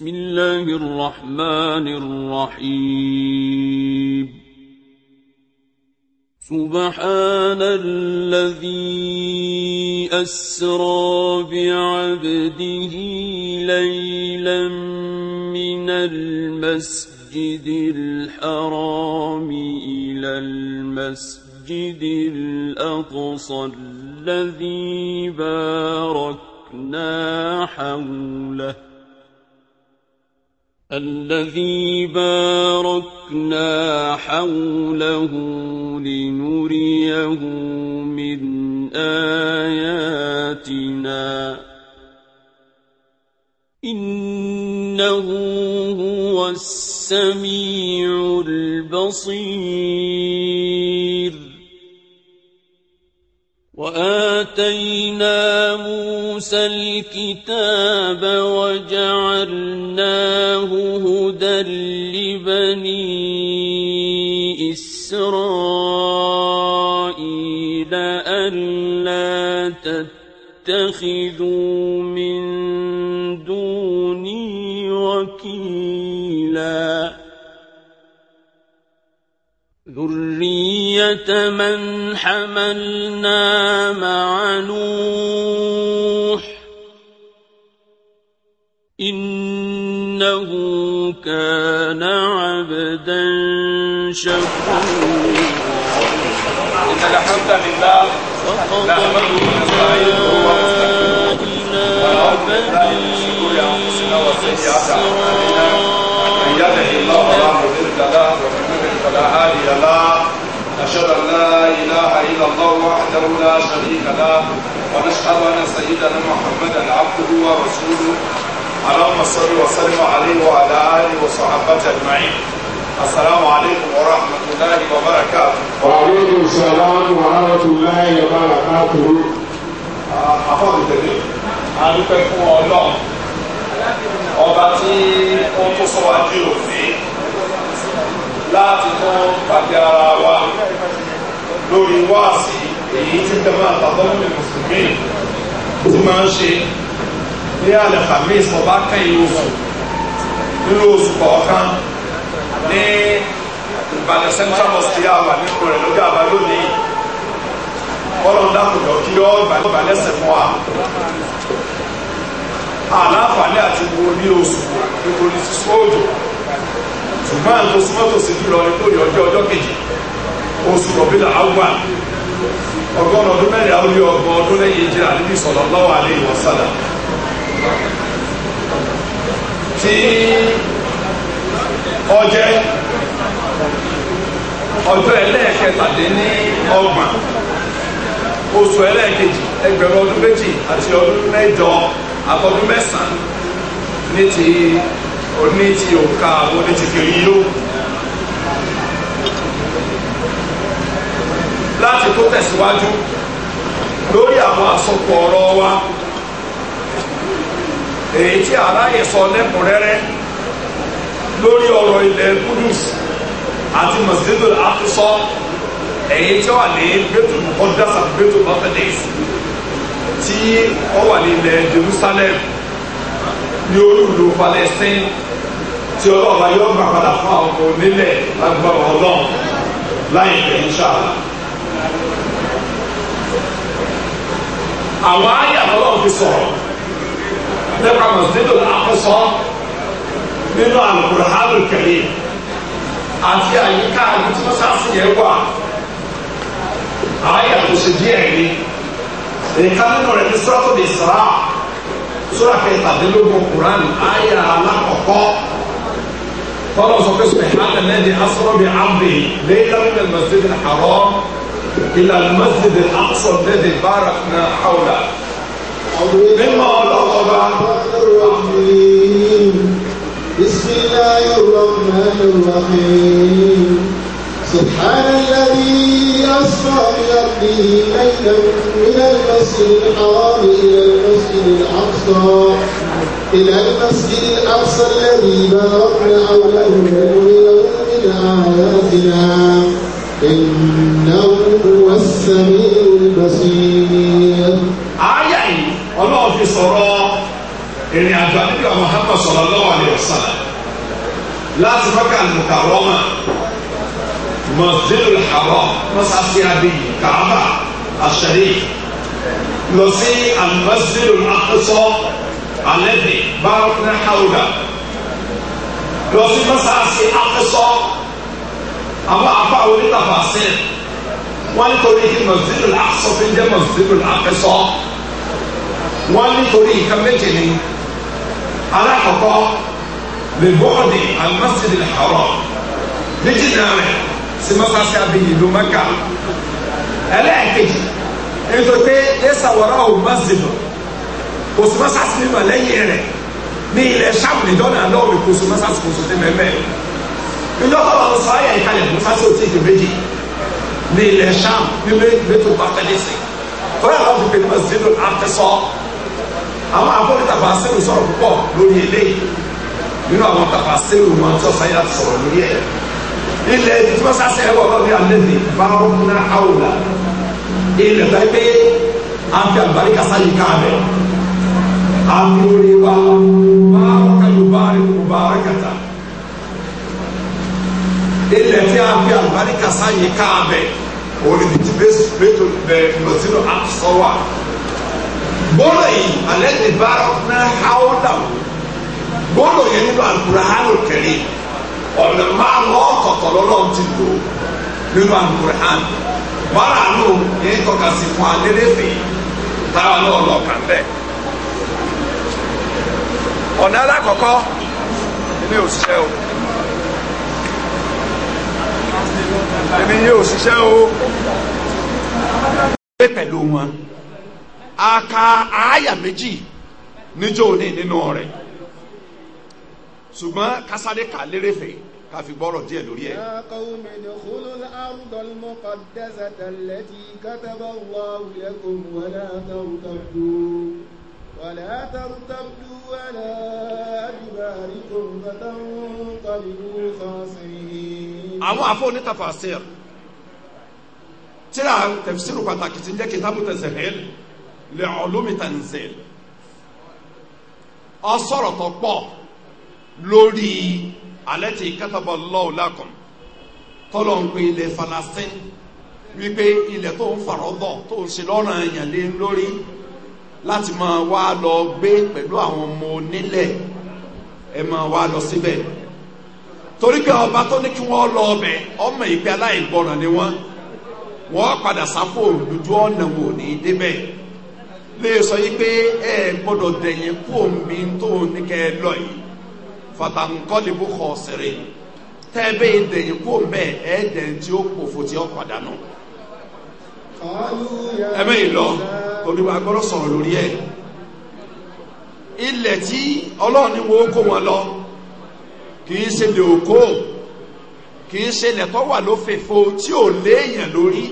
بسم الله الرحمن الرحيم سبحان الذي أسرى بعبده ليلا من المسجد الحرام إلى المسجد الأقصى الذي باركنا حوله الذي باركنا حوله لنريه من آياتنا إنه هو السميع البصير وآتينا موسى الكتاب وجعلناه هدى لبني إسرائيل ألا تتخذوا من ذرية من حملنا مع نوح إنه كان عبدا شكورا إن الحمد لله نحمده ونستعينه ونستغفره ونعوذ بالله من شرور الله فلا هادي لا أشهد أن لا إله إلا الله وحده لا شريك له ونشهد أن سيدنا محمدا عبده ورسوله اللهم صل وسلم عليه وعلى آله وصحبه أجمعين السلام عليكم ورحمة الله وبركاته وعليكم السلام ورحمة الله وبركاته àkọ́kọ́ tẹ̀lé a dúpẹ́ fún ọlọ́run ọba tí ó tó sọ wájú òfin láti mọ pàdé ara wa lórí wáàsí èyí tí jama àtàtọ́lẹ́mì mùsùlùmí ti máa ń ṣe ní alẹ́ khamis ọba kẹ́yìn oṣù nínú oṣù kọ̀ọ̀kan ní ìbàdàn central mosque yà wà nínú rẹ̀ lọ́jọ́ àbá lónìí kọ́lọ́ńdà kò lọ kí ọ́ ìbàdàn ẹsẹ̀ fún wa àlàáfàá ní àti wo ní oṣù nítorí sísú òjò ṣùgbọ́n àwọn oṣùmọ́tòsí jùlọ lórí ọjọ́ ọjọ́ kejì oṣù rọ̀bílà àwùwà ọgọ́rùn ọdún mẹ́rin àwọn ilé ọgbọ̀n ọdún lẹ́yìn ìjìnlẹ̀ àdébí sọ̀rọ̀ lọ́wọ́ alẹ́ ìwọ̀sálà tí ọjẹ́ ọjọ́ ẹlẹ́ẹ̀kẹtàdínní ọgbọ̀n oṣù ẹlẹ́ẹ̀kejì ẹgbẹ̀rún ọdún méjì àti ọdún mẹ́jọ àtọdún mẹ́sàn-án ní ti oní ti òǹkà àwọn oní ti kiri yó. láti tó tẹ̀síwájú lórí àwọn àsopọ̀ ọ̀rọ̀ wa èyí tí aráyè sọ lẹ́kùnrẹ́rẹ́ lórí ọ̀rọ̀ ilẹ̀ Kudus àti Masjidul Aqsa èyí tí ó wà ní Baitul Muqaddas àti Baitul Maqdis tí ó wà ní ilẹ̀ Jerusalem ní olú ìlú Palestine tí ọlọ́ọ̀bá yóò gbà padà fún àwọn ọmọ onílẹ̀ lágbára ọlọ́run láì bẹ̀ ń ṣàlà. àwọn àyà ọlọ́run ti sọ̀rọ̀ nípa mọ̀sídò àkọsọ nínú àlùkùránì kẹrin àti àyíká àti tí wọ́n sáàsì yẹn wà àyà tó ṣe díẹ̀ ni nǹkan nínú rẹ̀ ní sọ́tò lè sàrà sórí àfẹ́ ìtàdínlógún kùránì àyà alákọ̀ọ́kọ́. طلب قسم حق الذي أسرى بعبده ليلا من المسجد الحرام إلى المسجد الأقصى الذي باركنا حوله مما ألغب الرحيم بسم الله الرحمن الرحيم سبحان الذي أسرى بأبده ليلا من المسجد الحرام إلى المسجد الأقصى إلى المسجد الأقصى الذي باركنا حوله لنريهم من آياتنا إنه هو السميع البصير. آية الله في صلاة إن أجابك محمد صلى الله عليه وسلم لا تفكر المكرمة مسجد الحرام مسعى أبي كعبة الشريف نسي المسجد الأقصى alẹ́bí bárakúnà hàwùdà lọ sí mọ́sáàsì akọ́sọ́ àwọn afa onítàfà sí wọ́n nítorí kí mọ̀sídù làásọ̀ fi jẹ́ mọ̀sídù làásọ̀ wọ́n nítorí nǹkan méjì ni alákọ̀ọ́kọ́ lè bọ́ọ̀dì alimọ́sídì làárọ̀ méjì náà rẹ̀ sí mọ́sáàsì abiyì ló Mẹ́kà ẹlẹ́ẹ̀kejì nítorí pé ẹ̀sà wọ́rọ̀ ò mọ́sídù kò sí mọ́sáàsì ní ma lẹ́yìn rẹ̀ ní ilẹ̀ sáàmù níjọ́ náà lọ́wọ́ mi kò sí mọ́sáàsì kò sí ti mẹ́mẹ́ níjọ́ tó lọ sọ ayé ìkàlẹ̀ mọ́sáàsì ò tí ì méjì ní ilẹ̀ sáàmù ní mẹ́tò bàtẹ́lẹ́sì tọ́lá lọ́wọ́ fi pè ní masjid al-aqsa àwọn abọ́lé tàfàṣẹ́rù sọ̀rọ̀ púpọ̀ lórí eléyìí nínú àwọn tàfàṣẹ́rù wọn tó sáyà sọ̀rọ̀ lórí ẹ̀ ilẹ̀ tí wọ́n sáṣẹ́ ẹ̀wọ̀ lọ́bí alẹ́bí bárọ́kúnná àwòlà ilẹ̀ bá gbé àfi àgbàríkà sáyìí káàbẹ̀ amuriba baraka yubari mubarakata ilẹ̀ tí a fi àlùbáríkà sáyé káàbẹ̀ olùdíjú bẹ́tò bẹ̀ lọ́sínú àtúnṣọ́wà gbọ́dọ̀ yìí alẹ́ ti bára náà háwọ́ dàwọ́ gbọ́dọ̀ yẹn nínú àlùkùránù kẹ̀lé ọ̀nà márùn ọ̀tọ̀ọ̀tọ̀ lọ́lọ́run ti lò nínú àlùkùránù bára nù yẹn tọ́ka sí fún adéléfè táwọn náà lọ́ọ̀kan bẹ́ẹ̀ ọ̀nà alákọ̀ọ́kọ́ èmi ò ṣiṣẹ́ o èmi yóò ṣiṣẹ́ o gbé pẹ̀lú wọn a ka àáyà méjì níjó ní nínú rẹ̀ ṣùgbọ́n kásáré kà lérèfé ká fi gbọ́rọ̀ díẹ̀ lórí ẹ̀. Ya qawmi dukhulul ardal muqaddasata allati kataba Allahu lakum wa la tartaddu wa la tartaddu wa la. خارجون فتنقلبوا خاسرين àwọn afọ onítàfàṣẹ́r tíra tẹ̀fisírù pàtàkì tí ń jẹ́ kìtàbù tẹ̀sẹ̀hẹ́l lè ulumi tanzil ọsọ̀rọ̀ tó pọ̀ lórí alẹ́tì kataba Allahu lakum tọ́lọ̀ ń pe ilẹ̀ Falastin wípé ilẹ̀ tó ń farọ́dọ̀ tó ń ṣe lọ́rùn èèyàn lé lórí láti máa wá lọ gbé pẹ̀lú àwọn ọmọ onílẹ̀ ẹ máa wá lọ síbẹ̀ torí pé ọba tó ní kí wọ́n lọ ọbẹ̀ ọmọ ìpè aláìgbọràn ni wọ́n wọ́n padà sáfò dúdú ọ̀nà wò ní débẹ̀ lè sọ yìí pé ẹ gbọ́dọ̀ dẹ̀yìn kú omi tó ní kẹ́ ẹ lọ yìí kọ́ tẹ́ ẹ bẹ́ẹ̀ dẹ̀yìn kú omi ẹ dẹ̀yìn tí ó tí ó padà ilẹ̀ tí ọlọ́run ní wọ́n kó wọn lọ kìí ṣe lè òkó kìí ṣe lẹ̀ tó wà lófèfo tí ò léèyàn lórí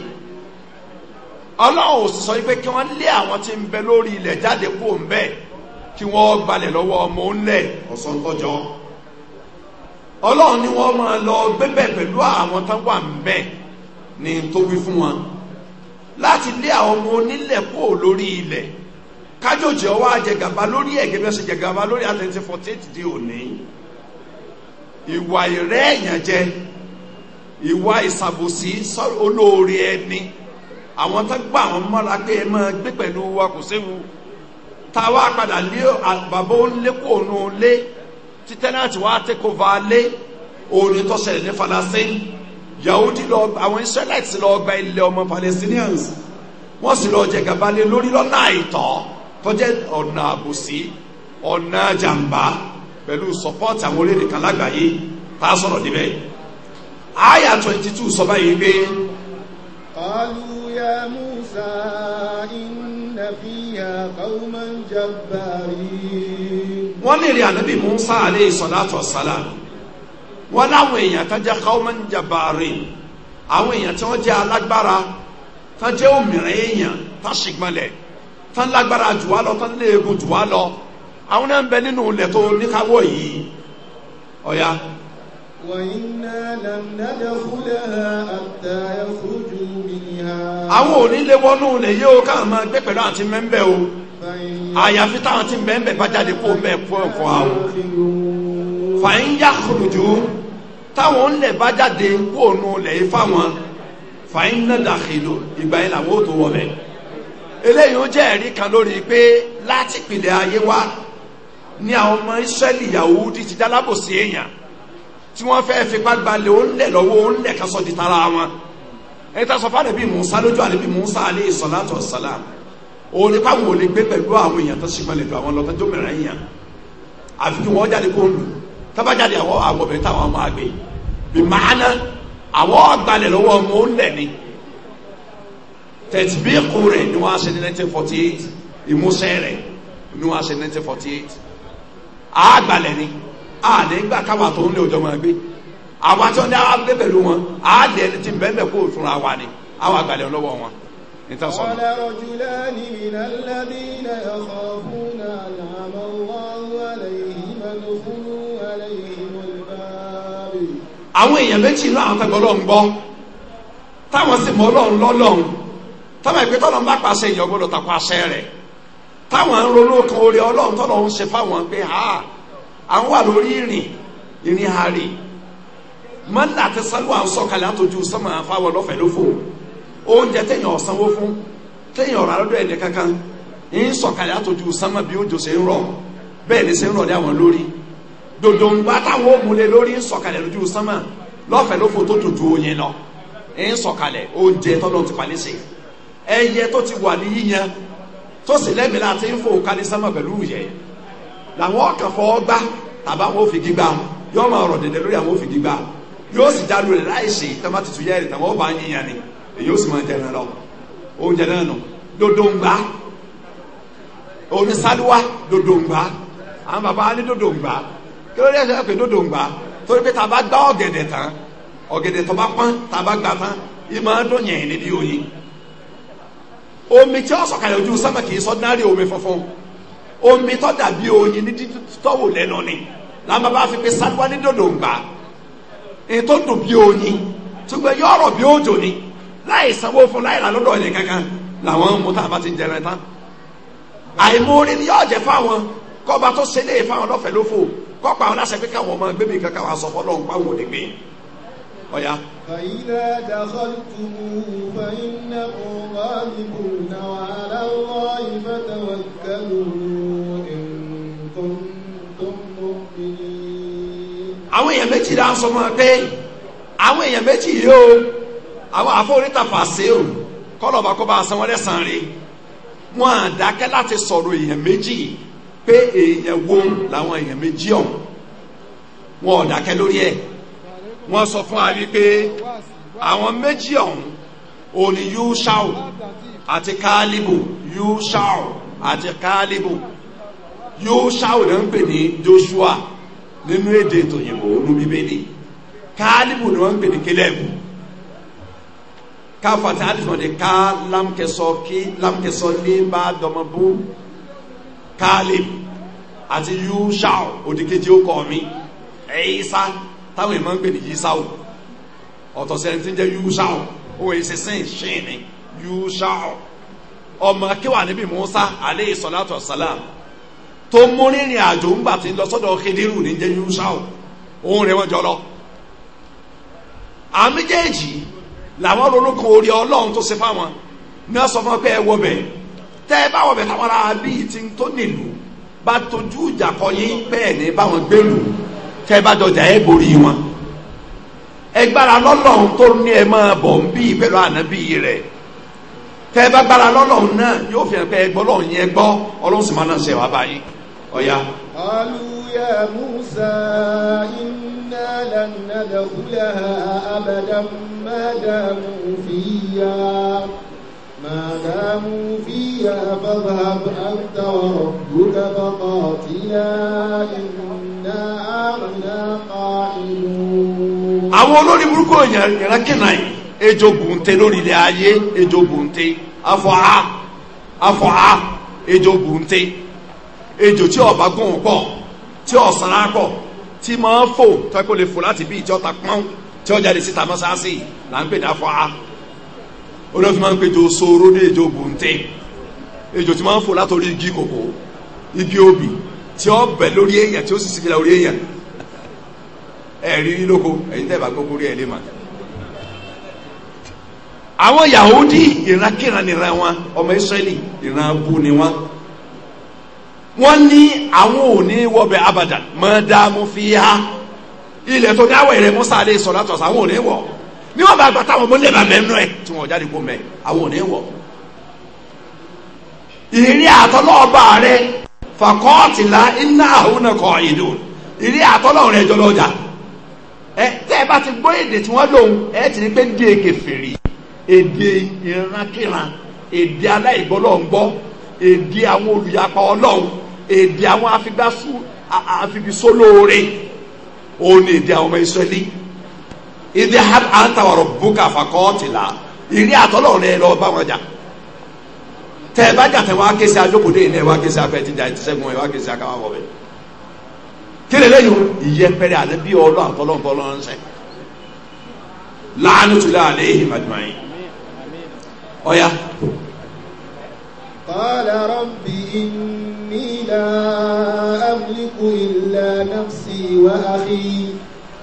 ọlọ́run ò sì sọ pé kí wọ́n lé àwọn tí ń bẹ lórí ilẹ̀ jáde kó ń bẹ́ẹ̀ kí wọ́n gbalẹ̀ lọ́wọ́ ọmọ ńlẹ̀ ọ̀sán tọ́jọ́ ọlọ́run ni wọ́n máa lọ gbẹ́bẹ̀ pẹ̀lú àwọn tó wà ń bẹ̀ ní tó fún wọn láti lé àwọn ọmọ onílẹ̀ kó lórí ilẹ̀ kájòjì ọwọ́ àjẹgàba lórí ẹ̀gẹ́ bí wọ́n ṣe jẹgàba lórí àtẹ̀tẹ̀ forty eight di òní ìwà ìrẹ́ èèyàn jẹ ìwà ìsàbòsí olóore ẹni àwọn tó gbà wọn mọ́ra pé ẹ máa gbé pẹ̀lú wa kò séwu tá a wá padà lé bàbá ó ń lé kó òun ó wá tẹ́kọ̀ọ́ lé òní tó ṣẹlẹ̀ ní Falasín Yahudi lọ àwọn Israelites lọ gba ilẹ̀ ọmọ Palestinians wọ́n sì lọ jẹ gàba lé lórí lọ́nà àìtọ́ kọjẹ́ ọ̀nà àbòsí ọ̀nà jàǹbá pẹ̀lú support àwọn orílẹ̀-èdè kan sọ̀rọ̀ níbẹ̀ àyà 22 sọ báyìí pé qalu ya Musa inna fiha qauman jabbarin wọ́n lè rí ànábì Musa alayhi salatu wassalam wọ́n láwọn èèyàn tó jẹ́ qauman jabbarin àwọn èèyàn tí wọ́n jẹ́ alágbára tó òmìnira èèyàn tó ṣìgbọ́nlẹ̀ tán lágbára jù wá lọ tán lé egun jù wá lọ àwọn náà ń bẹ nínú ilẹ̀ tó níkàwọ́ yìí ọ̀ya. àwọn ò ní lè wọnú ilẹ̀ yìí ó káà máa gbé pẹ̀lú àti mẹ́ńbẹ́ o àyàfi táwọn ti mẹ́ńbẹ́ bá jáde kó mẹ́ fún ẹ̀kọ́ àwọn. fàyín yá kùrùjú táwọn ńlẹ̀ bá jáde kó nu ilẹ̀ yìí fáwọn fàyín náà dàkìlò ìgbà yẹn làwọn ò tó wọ bẹ́ẹ̀ eléyìí ó jẹ́ ẹ̀rí kan lórí pé láti ìpìlẹ̀ ayé wa ni àwọn ọmọ Ísírẹ́lì Yàhúdì ti dálábòsí èèyàn tí wọ́n fẹ́ fipá gbalẹ̀ ó ń lẹ̀ lọ́wọ́ ó ń lẹ̀ ká sọ di tara wọn ẹni tá a sọ fáwọn ẹbí Mùsá lójú àlebi Mùsá alayhi salatu wassalam òun ni káwọn ò lè gbé pẹ̀lú àwọn èèyàn tó ṣe pẹ̀lú ìlú àwọn lọ́tọ́jọ́ mìíràn èèyàn àfi kí wọ́n jáde kó lù tábàjáde àwọn àgbọ̀bẹ̀ táwọn máa gbé bí màánà àwọn ọ̀gbalẹ̀ lọ́wọ́ ọmọ ó ń ni tẹ̀síbíkù rẹ̀ ni wọ́n á ṣe ní 1948 ìmúṣẹ rẹ̀ ni wọ́n á ṣe ní 1948 àgbàlẹ̀ ni àdé gbà káwà tó ń lé òjò máa gbé àwọn tí wọ́n ní àwọn agbẹ́ pẹ̀lú wọn àdé ẹni tí bẹ́ẹ̀ kó fúnra wa ni àwọn àgbàlẹ̀ lọ́wọ́ wọn. قال رجلان من الذين يخافون أنعم الله عليهم ادخلوا عليهم الباب àwọn èèyàn méjì náà àwọn tẹ́gbọ́ lọ́n gbọ́ táwọn sì mọ́ tọ́mọ̀ ìpè tọ́lọ́ ń bá pàṣẹ èèyàn gbọ́dọ̀ tako àṣẹ rẹ̀ táwọn ń ronú kan orí ọlọ́run tọ́lọ́ ń ṣe fáwọn pé ha àwọn wà lórí ìrìn ìrìn àárè mọ́lá àti sálúwà ń sọ̀kalẹ̀ àtòjú sọ́mọ̀ àfáwọn ọlọ́fẹ̀ẹ́ ló fò oúnjẹ téèyàn ọ̀sánwó fún téèyàn ọ̀rọ̀ àlọ́dọ̀ ẹ̀dẹ̀ kankan ń sọ̀kalẹ̀ àtòjú bí ṣe ń ẹyẹ tó ti wà ní yíyan tó sì lẹ́mìí láti ń fò ká ní sánmà pẹ̀lú yẹ làwọn ọkàn fọwọ́ gbá tàbá wọn ò fi gbígbá yóò máa rọ̀ dẹ̀dẹ̀ lórí àwọn ò fi gbígbá yóò sì dálú rẹ̀ láì ṣe tàbá tuntun yẹ́ rẹ̀ tàwọn ọba yíyan ni èyí ó sì máa jẹun lọ oúnjẹ náà nù dodongba onísàlùwà dodongba àwọn baba ní dodongba kí ló dé ẹsẹ̀ pé dodongba torí pé tàbá gbá ọ̀gẹ̀dẹ̀ tán ọ̀gẹ̀dẹ̀ tó bá pọ́n tàbá gbá tán ìmọ̀ ọdún yẹn níbi oyin omi tí ó sọ̀kalẹ̀ ojú sánmà kì í sọ dárì omi funfun omi tó dàbí oyin ní títọ́wò lẹ́nu ni làmà bá fi pe sáduwa ní dòdò ńgbà èyí tó dùn bí oyin tùgbẹ́ yọ̀rọ̀ bí òjò ni láì sanwó fún láì rà lọ́dọ̀ ẹ̀yẹ kankan làwọn mú tá a bá ti jẹrẹ tán àìmórí ni yóò jẹ fáwọn kọba tó ṣe léè fáwọn lọ́fẹ̀ẹ́ lófò kọ́pa àwọn aláṣẹ pé káwọn ọmọ gbẹ̀mí kankan wà sọ fọlọ́ọ̀ فإذا دخلتموه فإنكم غالبون وعلى الله فتوكلوا إن كنتم مؤمنين àwọn èèyàn méjì la ń sọ mọ́ pé àwọn èèyàn méjì yìí o àwọn àfọwọ́rítà fàṣẹ o kọlọ̀bà kọ́ bá sanwó lẹ́sàn rí wọn à láti sọ̀rọ̀ èèyàn méjì pé èèyàn wo làwọn èèyàn méjì ọ̀hún wọn ò lórí ẹ̀ wọ́n sọ fún wa wípé àwọn méjì ọ̀hún òní yúṣàù àti káálíbù yúṣàù àti káálíbù yúṣàù ló ń pè ní Joshua nínú èdè tòyìnbó olú bíbélì káálíbù ni wọ́n ń pè ní kílẹ̀bù káfàtí àdìsàn ní ká lámkẹsọ kí lámkẹsọ ní bá dọmọbú káálíbù àti yúṣàù òdìkejì ó kọ́ mi ẹ̀yíṣà. E táwọn èèyàn máa ń pè ní yíṣáò ọ̀tọ̀ sẹ́ni tí ń jẹ́ yúṣáò òun èyí ṣe sẹ́yìn ṣẹ́yìn ni yúṣáò ọmọ akéwà níbi Musa aleyhi salatu wasalam tó mú rìnrìn àjò ńgbà tí ń lọ sọ́dọ̀ Khediru ní jẹ́ yúṣáò òun rẹ̀ wọ́n jọ lọ. àmì méjèèjì làwọn ronúkọ orí Ọlọ́run tó ṣe fáwọn ní wọ́n fún ọ pé tẹ́ ẹ bá wọ táwọn ará bíi ti ń tó nílùú bá tójú ìjà kọ yín bẹ́ẹ̀ ni báwọn gbèlú tẹ́ bá jọjà ẹ borí wọn ẹgbára lọ́lọ́run tó ní ẹ máa bọ̀ ń bí pẹ̀lú ànábì rẹ̀ tẹ́ bá gbára lọ́lọ́run náà yóò fi hàn pé ẹgbọ́ lọ́run yẹn gbọ́ ọlọ́run sì máa náà ṣe wá báyìí ọ̀ya. alu musa inna lan nadkhulaha abadan ma damu fiya ma damu fiya fadhhab anta wa rabbuka àwọn olórí burúkú èèyàn ìrẹ́kìnà yìí ejò gùnte lórí ilẹ̀ ayé ejò gùnte afọ́há afọ́há ejò gùnte ejò tí ọba gùn pọ̀ tí ọ̀sánra pọ̀ tí máa fò tẹ́kọ̀ lè fò láti bí ìjọ ta pọ́n tí ọjà lè síta mọ́sáàsì là ń pè ní afọ́há olóòfin máa ń pejò sóró ní ejò ejò tí máa ń fò látòrí igi kòkó igi tí ó bẹ̀ lórí èèyàn tí ó sì sífìlà orí èèyàn ẹ̀rí rí lóko ẹ̀yin tẹ́ bá gbogbo rí ẹ̀ lè mà. àwọn Yahudi ìrankíran nìran wọn ọmọ Israẹli ìran abú ni wọn wọ́n ní àwọn ò ní wọbẹ̀ abadan mọ́dàmú fi ha ilẹ̀ tó dáwọ̀ rẹ̀ Musa alẹ́ sọ̀rọ̀ àtọ̀sọ̀ àwọn ò ní wọ̀ ní wọn bá gba táwọn ọmọlẹ́ bá mẹ́nu ẹ̀ tí wọn jáde kó mẹ́ àwọn ò ní wọ̀ ìrírí àtọ́lọ́ọ̀bà rẹ̀ fàkọ́ọ̀tìlá iná àhúnà kọ ìlú ìrí àtọ́lọ́run rẹ̀ jọlọ ọjà ẹ tẹ́ ẹ bá ti gbọ́ èdè tí wọ́n lòun ẹ ti ní pé ń dé èké fèrè èdè ìrankíran èdè aláìgbọ́lọ́ngbọ́ èdè àwọn olùyapa ọlọ́run èdè àwọn afigbásù àfibisólóore òun ni èdè àwọn ọmọ ìsọ́lí ìdí àǹtàwọ̀rọ̀ bùkà fàkọ́ọ̀tìlá ìrí àtọ́lọ́run rẹ̀ lọ bá wọn jà tẹ ẹ bá jàtẹ wá ké ajókòdé yìí náà wá ké sí afẹ jíjà ìtìsẹgùn wá ké sí akáwá wọ bẹ kílè lẹ́yìn ìyẹpẹrẹ àlẹ bí ọlọ àtọlọntọlọ ń sẹ láàánú tùlẹ àlẹ èyí màdùmáà yìí ọyá. قال رب إني لا أملك إلا نفسي وأخي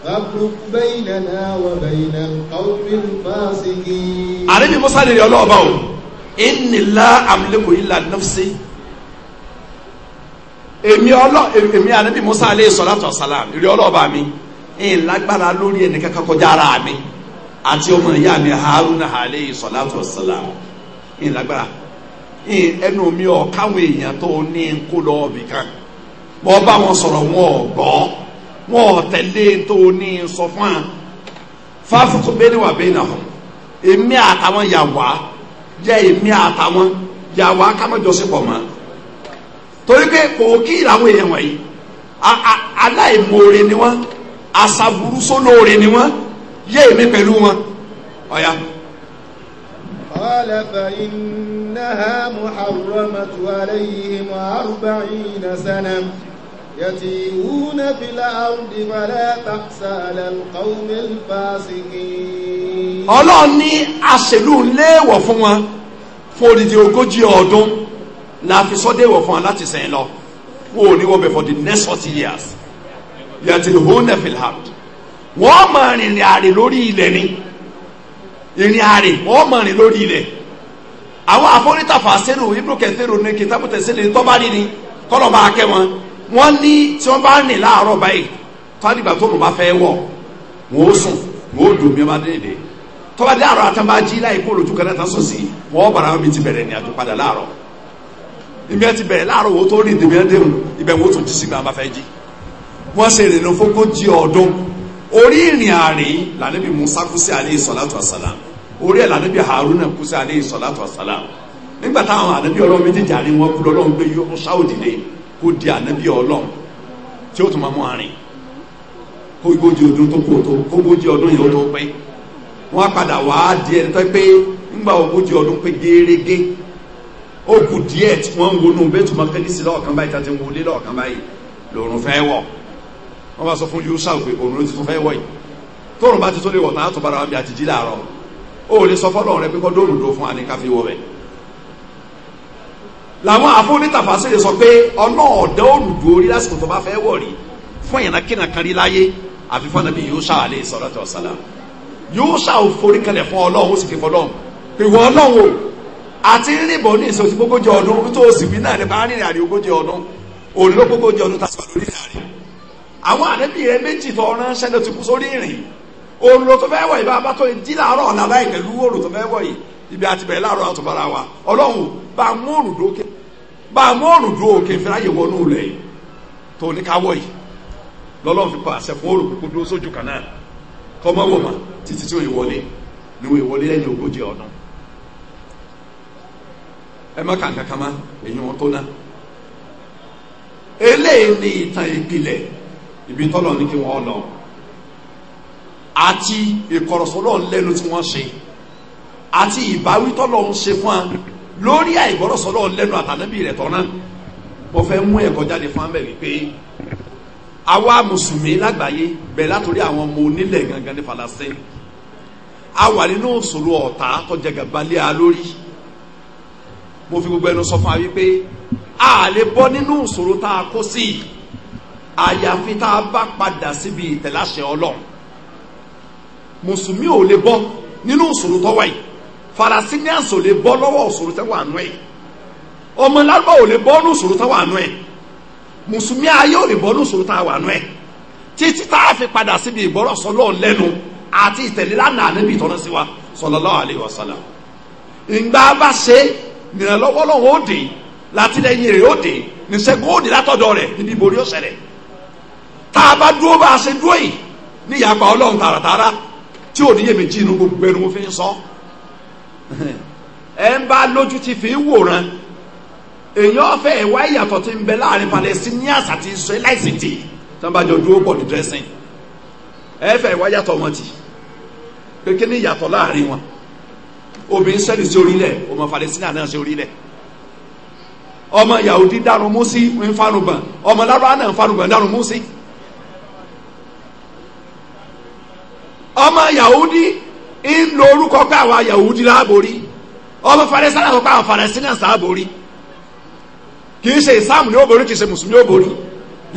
فافرق بيننا وبين القوم الفاسقين. àrẹ́bí musa lè yọ ọlọ́ọ̀bá o inni la amliku illa nafsi èmi ọlọ èmi anabi musa aleyhi salatu wasalam ìrì ọlọ́ọ̀bà mi ń lágbára lórí ẹni kankan kọjá ara mi àti ọmọ ìyá mi haruna aleyhi salatu wasalam ń lágbára ẹnu mi ọ̀ káwọn èèyàn tó ní kó lọ́ọ́ bì kan wọ́n bá wọn sọ̀rọ̀ wọn ò gbọ́ wọn ò tẹ̀lé tó ní sọ fún wa fáfikún wà bẹ́ẹ̀ náà èmi àtàwọn yà wá jẹ́ èmi àtàwọn yà wá kámẹ́jọsìn pọ̀ mọ́ torí pé kò kí ìlàwọ̀ èèyàn wọ̀nyí aláìmoore ni wọ́n asaburú sólóore ni wọ́n yé èmi pẹ̀lú wọn ọ̀yà. قال فإنها محرمة عليهم أربعين سنة يتيهون في الأرض فلا تحسى على القوم الفاسقين ọlọ́run ní àṣèlú léèwọ̀ fún wọn fún odidi ogójì ọdún la fi sọ́dẹ̀wọ̀ fún wọn láti sẹ́yìn lọ wọn ò bẹ̀ for the next forty years yatihuna fil ard wọ́n máa rìnrìn àrè lórí ilẹ̀ ni ìrìn àrè wọ́n máa rìn lórí ilẹ̀ àwọn afọ́nitàfà sẹ́nu ibùkẹ́sẹ́nu ní kìtàbùtẹ̀sẹ́lẹ̀ tọ́ba nínú kọ́lọ́ bá kẹ́ wọn wọ́n ní tí wọ́n bá rìn láàárọ̀ báyìí fàdìgbà tó lò bá fẹ́ wọ̀ wọ́n ó sùn wọ́n ó dùn mí ọba dédé tọ́ba dé àrò àtàmájí láì kó lójú kan náà tán sùn sí wọ́n bàrà wọn mi ti bẹ̀rẹ̀ ní àjò padà láàárọ̀ ìmí ẹ ti bẹ̀rẹ̀ láàárọ̀ wo tó rìn dèmí ẹ dẹ̀hùn ibẹ̀ wo tó ti sí gbàmbá fẹ́ jí wọ́n ṣe ìrìnà fógójì ọdún orí ìrìn àárín lànàbí Musa kúsí alayhi salatu wassalam orí ẹ̀ lànàbí Haruna kúsí alayhi salatu wassalam nígbà táwọn ànàbí ọlọ́run méjèèjì àárín wọn kú lọ́lọ́run gbé yọ kó di ànábì ọlọ́run tí ó tún máa mú àárín kó gbójú ọdún tó kó tó kó gbójú ọdún yìí ó tó pé wọn á padà wá di ẹni tó pé ńgbà ogójì ọdún pé gérégé ó kù díẹ̀ tí wọ́n ń wonú bẹ́ẹ̀ tó máa kẹ́lí sí lọ́ọ̀kan báyìí tá ti ń wọlé lọ́ọ̀kan báyìí lòrùn fẹ́ wọ̀ wọ́n bá sọ fún Yúsà pé òrùn ló ti tún fẹ́ wọ̀ yìí tóòrùn bá ti tó lè wọ̀ tán á tó bára wọn bí àtijí láàárọ̀ ó lè sọ fọ́lọ́run rẹ pé kọ́ dóòrùn dó fún wa ní káfíwọ́ bẹ́ẹ̀ làwọn àfọwọ́nìtàfàṣẹ́yẹ sọ pé ọ̀nà ọ̀dẹ́ olùdó orí lásìkò tó bá fẹ́ wọ̀ rí fún ìyànnàkínà kan rí láyé àfi fún anabi Yúṣà alẹ́ ìsọ̀rọ̀tọ̀ ọ̀sálà Yúṣà ò forí kalẹ̀ fún Ọlọ́run ó sì fi fọlọ́run pé wọ́n Ọlọ́run o àti rìnbọn ní ìṣòwò tí gbogbo jẹ ọdún tó o sì fi náà ní bá rìnrìn àrí ogójì ọdún òní ló gbogbo jẹ ọdún tásìkò lórí àrí àwọn ànábì rẹ méjì tó ránṣẹ́ ló ti kú sórí ìrìn òòrùn ló tó fẹ́ wọ̀ yìí bá bá tó di láàárọ̀ ọ̀la láì pẹ̀lú òòrùn tó fẹ́ wọ̀ yìí ibi àti bẹ̀rẹ̀ láàárọ̀ àtọ̀bára wa ọlọ́run bá mú òòrùn dókè bá a mọ́ọ̀rùn dúró òkè ìfẹ́ráyè wọnú rẹ̀ tó ní káwọ́ yìí lọ́lọ́run fi pa àṣẹ fún òòrùn kúkú dúró sójú kan náà kọ́mọ́ wò mà títí tí ó yẹ wọlé ni wọ́n yẹ wọlé lẹ́yìn ogójì ọdún ẹ má kà kankan má èyí wọn tó ná eléyìí ni ìtàn ìpìlẹ̀ ibi tọ́lọ̀ ní kí wọ́n lọ àti ìkọ̀rọ̀sọ́lọ́ lẹ́nu tí wọ́n ṣe àti ìbáwí tọ́lọ̀ ń ṣe fún wa lórí àìgbọ́rọ̀sọ́lọ́ lẹ́nu àtànábì rẹ̀ tọ́ná wọ́n fẹ́ mú ẹ̀kọ́ jáde fún amẹ́ wípé àwa mùsùlùmí lágbàáyé bẹ̀rẹ̀ látòrí àwọn ọmọ onílẹ̀ gangan ní falasẹ́ a wà nínú òṣòro ọ̀tá tọ́jà gàbalẹ́ a lórí mo fi gbogbo ẹnu sọ fún wa wípé a lè bọ́ nínú òṣòro tá a kó sí àyàfi tá a bá padà síbi ìtẹ̀láṣẹ ọlọ́run mùsùlùmí ò lè bọ́ nínú òṣòro tọ́wá yìí Farasi ni lè bọ́ lọ́wọ́ òṣòro tẹ́ wà nù ẹ̀ ọmọ lárúbá ò lè bọ́ nù òṣòro tẹ́ wà nù ẹ̀ mùsùlùmí ayé ò lè bọ́ nù òṣòro tẹ́ wà nù ẹ̀ títí fi padà síbi ìgbọ́rọ̀sọ lọ́ọ̀ lẹ́nu àti ìtẹ̀lélànà ànábì ìtọ́nà sí wa sallallahu alaihi wasallam ìgbà bá ṣe ìrànlọ́wọ́ lọ́wọ́ ó dé látìlẹ́yìn rẹ̀ ó dé níṣẹ́gun ó dé látọ̀dọ̀ rẹ̀ níbi ìborí ó ṣẹlẹ̀ tá a bá dúró bá a ṣe dúró yìí ní ìyapa ọlọ́run tààràtààrà tí ò níyèméjì inú gbogbo ẹnu fi ń sọ ẹ ń bá lójú ti fi wòran ọ̀fẹ́ ẹ̀wá ìyàtọ̀ ti ń bẹ láàrin Palestinians àti Israelites ti wọ́n bá jọ dúró dressing ẹ fẹ́ ẹ̀wá wọn ti kékeré ní ìyàtọ̀ láàrin wọn obìnrin sí ọmọ náà sí ọmọ Yahudi ń lo orúkọ pé àwọn Yahudi láàbòrí ọmọ Falasínà sọ pé àwọn Falasínà sáàbòrí kì í ṣe ìsáàmù ní òbòrí kì í ṣe mùsùlùmí òbòrí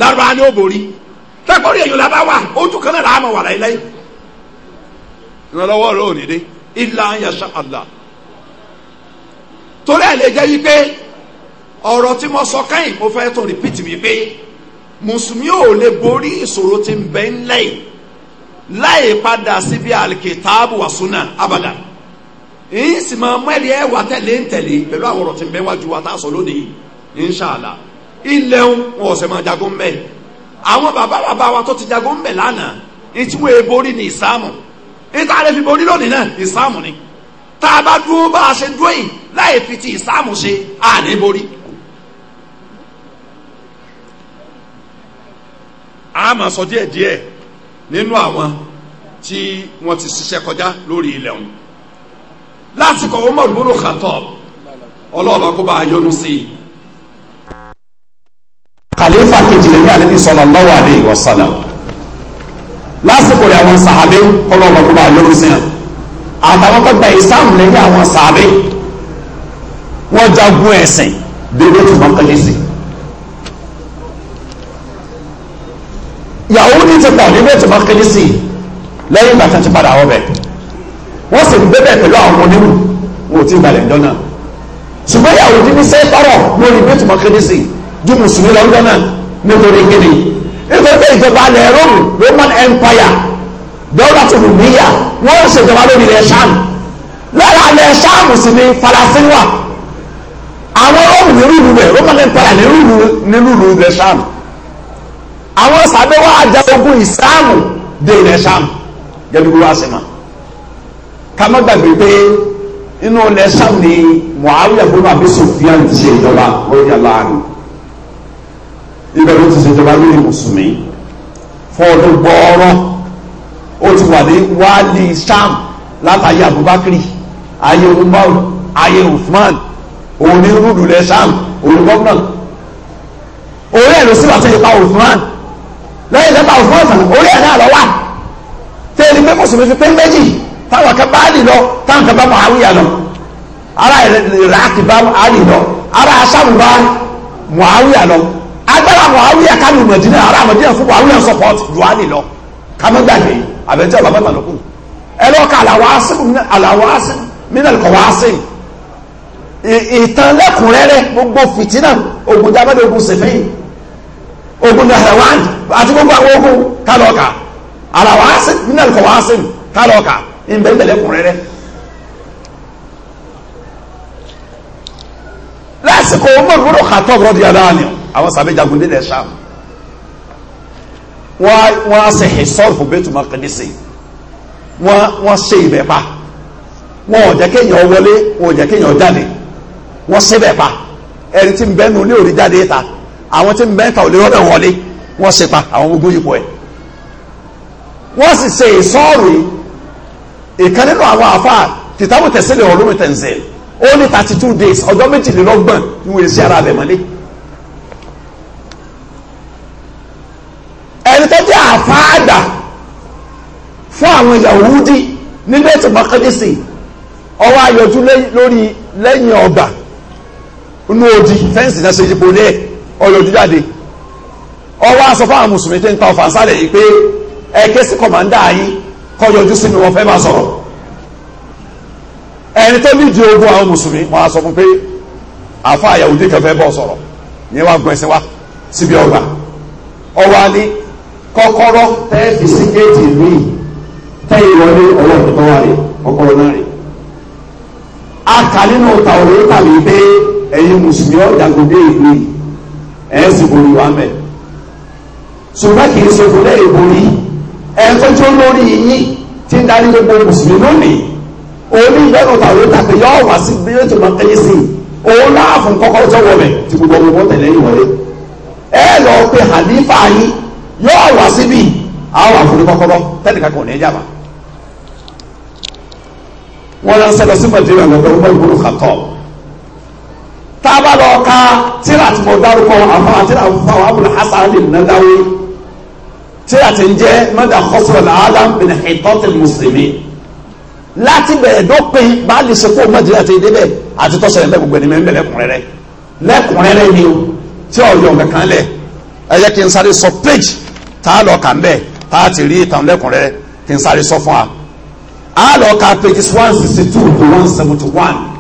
lárúbá ní òbòrí tẹ́kọ̀rí èèyàn lábá wà ojú kan náà làá mọ̀ wà láíláí ìrànlọ́wọ́ rẹ̀ ò ní dé ilà yasha Allah torí ẹ̀ lè jẹ́ wípé ọ̀rọ̀ tí mo sọ kẹ́yìn mo fẹ́ tún rìpíìtì wípé mùsùlùmí ò lè borí ìṣòro tí ń bẹ ńlẹ̀ yìí láì padà síbi alikitaabu wa sunna abada ń sì máa mẹ́rin ẹ̀ wà tẹ̀lé ń tẹ̀lé pẹ̀lú àwọn ọ̀rọ̀ tí ń bẹ wájú wa tá a sọ lónìí inṣàlá ilẹ̀ ń wọ́n ọ̀sẹ̀ máa jagun mẹ́ àwọn bàbá bàbá wa tó ti jagun mẹ́ lánàá ìtúwò eborí ni ìsáàmù ìta lè fi borí lónìí náà ìsáàmù ni tá a bá dúró bá a ṣe dúró yìí láì fi ti ìsáàmù ṣe à ní borí. a sọ díẹ̀ díẹ̀ nínú àwọn tí wọ́n ti ṣiṣẹ́ kọjá lórí ilẹ̀ wọn lásìkò Umar ibn Khattab ọlọ́ọ̀bá kó bá a yọnu sí i. kàlífà kejì lè ní àlejò sallallahu alaihi wasallam lásìkò rẹ̀ àwọn sàhábé ọlọ́ọ̀bá kó bá a yọnu sí i àtàwọn tó gba ìsáàmù lẹ́yìn àwọn sàhábé wọ́n jagun ẹ̀sìn bí wọ́n ti mọ̀ kẹ́lẹ́sìn. Yahudi ti pọ̀ ní bẹ́ẹ̀ tí wọ́n kéde sí i lẹ́yìn ìgbà tó ti padà wọ́n bẹ̀ wọ́n sì ń bẹ́bẹ̀ pẹ̀lú àwọn onírù wọn ò tí ì balẹ̀ ńdọ́nà ṣùgbọ́n Yahudi ní sẹ́ tọrọ lórí bẹ́ẹ̀ tí wọ́n kéde sí i ju mùsùlùmí lọ ńdọ́nà nítorí kíni nítorí pé ìjọba alẹ́ Rome Roman Empire dọ́là tó lù níyà wọ́n ń ṣèjọba lórí ilẹ̀ Ṣáàmù lára ilẹ̀ Ṣáàmù sì ni Falasin wà àwọn Rome ní rúlu àwọn sàbẹ̀ wá àjà ogun ìsáàmù dé ilẹ̀ sàm gẹ́gẹ́ bí wọ́n á sì mọ̀ ká pé inú ilẹ̀ sàm ni Muawiya fún àbí Sufyan ti ṣe ìjọba lórí aláàánú ibẹ̀ ló ti ṣe ìjọba lórí mùsùlùmí fún ọdún gbọ́ọ́rọ́ ó ti wà ní wáàlì sàm látàyè Abubakri ayé Umar ayé usman. òun rúdùlẹ̀ sàm òun gọ́vnà òun ẹ̀ ló sì wà sí ipa Uthman lẹ́yìn lẹ́bà òfin ọ̀sán orí ẹ̀ náà lọ wà tí ẹni pé mùsùlùmí fi pé méjì táwọn kan bá àlì lọ táwọn kan bá mọ àwíyà lọ ara ìràkì bá àlì lọ ara asáwù bá mọ àwíyà lọ agbára mọ àwíyà kánú mẹdínà ara mẹdínà fún mọ àwíyà support ju àlì lọ kámẹ́gbàgbé àbẹ̀tẹ́ bàbá màlúkù ẹ lọ́ọ́ ka àlàwáṣí mínà kọ̀wáṣí ìtàn lẹ́kùnrẹ́rẹ́ gbogbo fìtínà ogun jábẹ́dẹ́ ogun sèfẹ́yìn ogun nahrawan àti gbogbo àwọn ogun kálọ̀ọ̀kà alawaasi nínú àlùkọ̀wáásì kálọ̀ọ̀kà ìbẹ̀lẹ̀kùnrin rẹ̀ lásìkò Umar gbọ́dọ̀ kàtọ́ ọ̀rọ̀dì aláàlì àwọn sàbẹ̀ jagun délẹ̀ Ṣam wọ́n á sì hì sọ́ọ̀fù Baitul Maqdis wọ́n ṣe ibẹ̀ pa wọ́n ò jẹ́ kéèyàn wọlé wọ́n ò jẹ́ kéèyàn jáde wọ́n ṣe ibẹ̀ pa ẹni tí ń bẹ́nu ní òrí jáde ta àwọn tí ń bẹ́ ta ò lè rọ́bẹ̀ wọlé wọ́n ṣe pa àwọn ogun ipò ẹ̀ wọ́n sì ṣe ìsọ́ọ̀rù ìkan nínú àwọn àfáà kìtàbù tẹ̀sílẹ̀ ọ̀rùn tẹ̀sílẹ̀ ó ní thirty two days ọjọ́ méjìlélọ́gbọ̀n ní wọ́n èsì ara rẹ̀ mọ́lé ẹni tó jẹ́ àfáàdà fún àwọn Yahudi ní Bẹ́tù Mọ́kàdísì ọwọ́ ayọ̀jú lórí lẹ́yìn ọgbà inú odi fẹ́ǹsì náà ṣe yípo lẹ́ẹ̀ ọyọ ojú jáde ọwọ́ aṣọ fáwọn mùsùlùmí tí ń ta ọfà sálẹ̀ yìí pé ẹ ké sí kọ̀mọ̀ndà yín kọyọ ojú sí mi wọ́n fẹ́ máa sọ̀rọ̀ ẹni tó nídìí ogun àwọn mùsùlùmí wọ́n á sọ fún pé àfa àyàwòdì kan fẹ́ bọ́ sọ̀rọ̀ ní wàá gbọ́n ẹsẹ̀ wá síbi ọgbà ọwọ́ á ní kọ́kọ́rọ́ tẹ́ sí géètì ìlú yìí tẹ́ ìwọlé ọlọ́run tó wà náà rè ẹ̀ sì borí wa mẹ́ ṣùgbọ́n kì í ṣe fún lẹ́yìn borí ẹ̀ tó tó lórí yín tí ń darí gbogbo mùsùlùmí lónìí orí ìyẹnu tàwọn ìtàkùn yọ wá sí bí yóò tó máa kẹ́yìn sí i òun láàfún kọ́kọ́ tó wọ̀ mẹ́ tí gbogbo ọmọ wọn tẹ̀lé yìí wọlé ẹ lọ pe hàlífà yín yọ wá síbi àwọn àfúrí kọ́kọ́rọ́ tẹ́nìkan kò ní í jàmbá wọn lọ sẹ́lọ sí mọ̀tẹ́rì àwọn ọ̀gbọ́n ìgbòho kàtọ́ọ̀ tá a bá lọ ka tíra tí mo dárúkọ àfọwọ́ tíra àfọwọ́ abúlé hasan lè nà dáwé tíra tí ń jẹ́ mẹ́ta kọ́sọ̀rọ̀ làálà bìnnà ìtọ́tì mùsùlùmí láti bẹ̀rẹ̀ dọ́pin bá lè ṣe kó mẹ́tìrì àti ìdíbẹ̀ àti tọ́sẹ̀ lẹ́ gbogbo ẹni mẹ́rin lẹ́kùnrẹ́rẹ́ lẹ́kùnrẹ́rẹ́ ni o tí ọ̀yọ́ kankan lẹ̀ ẹ jẹ́ kí n sáré sọ péjì tá a lọ kà ń bẹ̀ tá a ti rí ìtàn lẹ́kùnrẹ́rẹ́ kí n sáré sọ fún wa a lọ ka pages one sixty two to one seventy one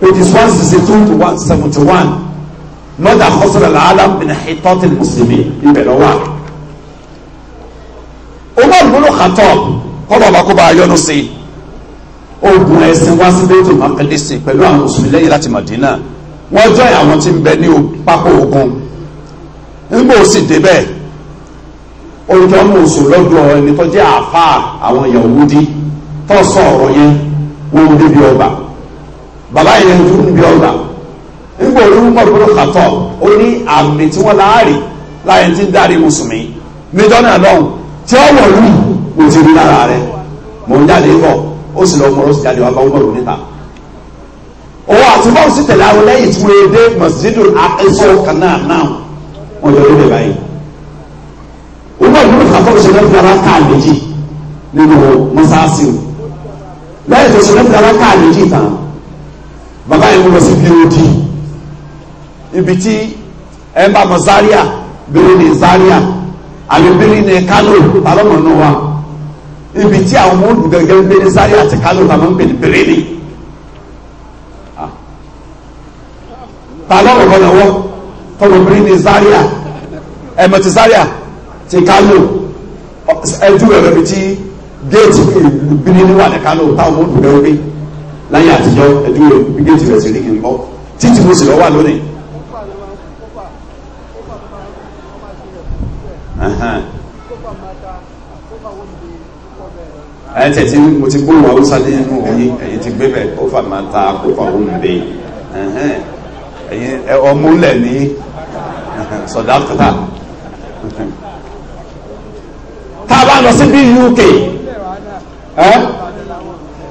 which is sixty-two to one seventy-one. 171 lọ́dà kọ́sọ̀rọ̀ làálàm bin hitọ́tì Muslimi. ìbẹ̀rẹ̀ wà. Umar bin Khattab kọ́dọ̀ ọba kó bá a yọnu sí i ogun ẹ̀sìn wá sí Baitul Maqdis pẹ̀lú àwọn mùsùlùmí lẹ́yìn láti Madina wọ́n jọ àwọn tí ń bẹ ní pápá ogun nígbà òsì débẹ̀ olùdó mùsùn lọ́dọ̀ ẹni tó jẹ́ àáfàá àwọn Yahudi tó sọ ọ̀rọ̀ yẹn wọ́n débi ọba bàbá yẹn dúró níbi ọgbà nígbà orí wọn gbọ́dọ̀ kàtọ ó ní àmì tí wọn láàrí láyé tí ń darí mùsùlùmí níjọ náà lọ́hùn tí ó wọ̀ lù mo ti rí lára rẹ mò ń jáde bọ̀ ó sì lọ mọ̀rọ̀ sí jáde wá bá wọn bọ̀rọ̀ níta owó àti bọ́ọ̀ sì tẹ̀lé àwọn lẹ́yìn tí wọ́n dé masjidul aqsa kan náà wọ́n jọ lóde báyìí wọ́n bá ìlú kàtọ́ ìṣẹ̀lẹ̀ fìlà káà méjì nínú mọ́sáàsì lẹ́yìn tó ìṣẹ̀lẹ̀ fìlà káà méjì tán bàbá yìí lọ sí bod ibi tí ẹ bá mọ Zaria bèrè ní Zaria àbí ní Kano tàlọ́mọ̀ nù wa ibi tí àwọn ọmọ olùgẹ́gẹ́ ń bèrè Zaria àti Kano tàbí ń bèrè bèrè ní. Ah. tàlọ́mọ̀ kan lọ́wọ́ tọ́lọ̀ bèrè ní Zaria ẹ̀mọ̀ ti Zaria ti Kano ẹ̀dúró ẹ̀rọ ibi tí géètì bèrè ní wà ní Kano táwọn ọmọ olùgẹ́gẹ́ ń bèrè láyé àtijọ́ ẹ̀dú rẹ̀ gbígbé tirẹ̀ sí rí kì títí mo sì lọ wà lónìí. ẹ tẹ̀sí mo ti gbóhùn haúsá ní inú òyìn ẹ̀yìn ti gbé bẹ̀ kófà máa ta kófà òǹde ẹ̀yìn ọmọ ńlẹ̀ ní sọ̀dáfítà tá a bá lọ sí bí UK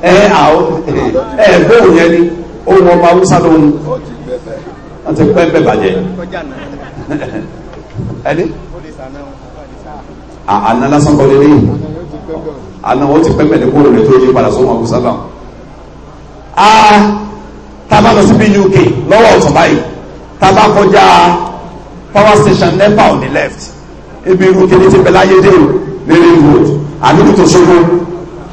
ẹ àwọn ẹ bóun yẹn ni ohun ọba haúsá ló ń wọn ti pẹ́ bẹ́ẹ̀ bàjẹ́ ẹni àná lásán kọ́ lélẹ́yìn àná wọn ti pẹ́ bẹ́ẹ̀ ní kúrò rẹ̀ tó yí padà sóhun haúsá náà a tábà lọ sí bí UK lọ́wọ́ ọ̀tún báyìí tábà kọjá power station nepa on the left ibi irú kìíní ti bẹ láyé dé lérí road àdúgbò tó ṣogbó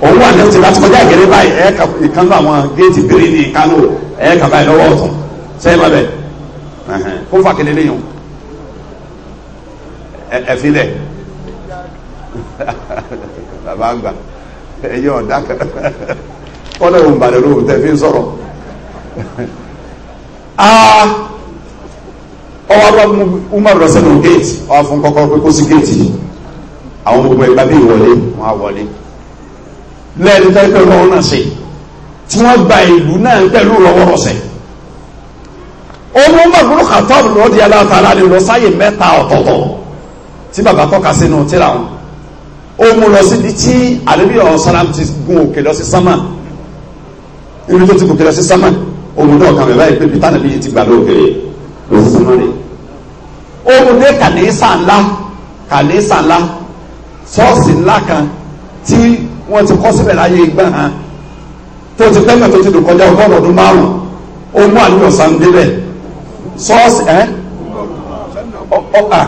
òun wà ní ìtura tí kọjá ìgẹ̀rẹ́ báyìí ẹ̀ kà ìkan bá àwọn géètì gírí ní Kánò ẹ̀ kà báyìí lọ́wọ́ ọ̀tún sẹ́yìn bá bẹ̀ kó fà kéde léyìn ẹ̀ fi lẹ̀ bàbá àgbà ẹ̀yẹ ọ̀dà kan kọ́lẹ̀ òun bàdẹ̀ ló tẹ̀ fi ń sọ̀rọ̀ ọwọ́ bá Umar lọ sẹ́nu géètì ọ̀ fún kọ́kọ́ pé kó sí géètì àwọn gbogbo ẹgbẹ́ bí ìwọlé wọn á wọlé lẹ́ẹ̀ni tẹ́lẹ̀ pẹ̀lú ọ̀run náà ṣe tí wọ́n gba ìlú náà pẹ̀lú rọwọ́rọsẹ̀ ọmọ mọ̀gbọ́n kàtọ́ọ̀bù lọ́ọ́ di aláàtàlá ni lọ sáyè mẹ́ta ọ̀tọ̀ọ̀tọ̀ tí bàbá tọ́ka sínú tíra wọn ó mú lọ síbi tí àlébí ọ̀sán ti gun òkè lọ sí sámà ibi tó ti gòkè lọ sí sámà òun náà kàn mí báyìí pé bíi tánàbí ti gbà lóòkè lọ sí sámà rè wọ́n ti kọ́ síbẹ̀ láyé ìgbà hàn tó ti pẹ́ mẹ́tò ti lò kọjá ọgọ́rùn ọdún márùn ó mú àlùyọ̀ sàǹdé bẹ̀ sọ́ọ̀sì ẹ́ ọ̀à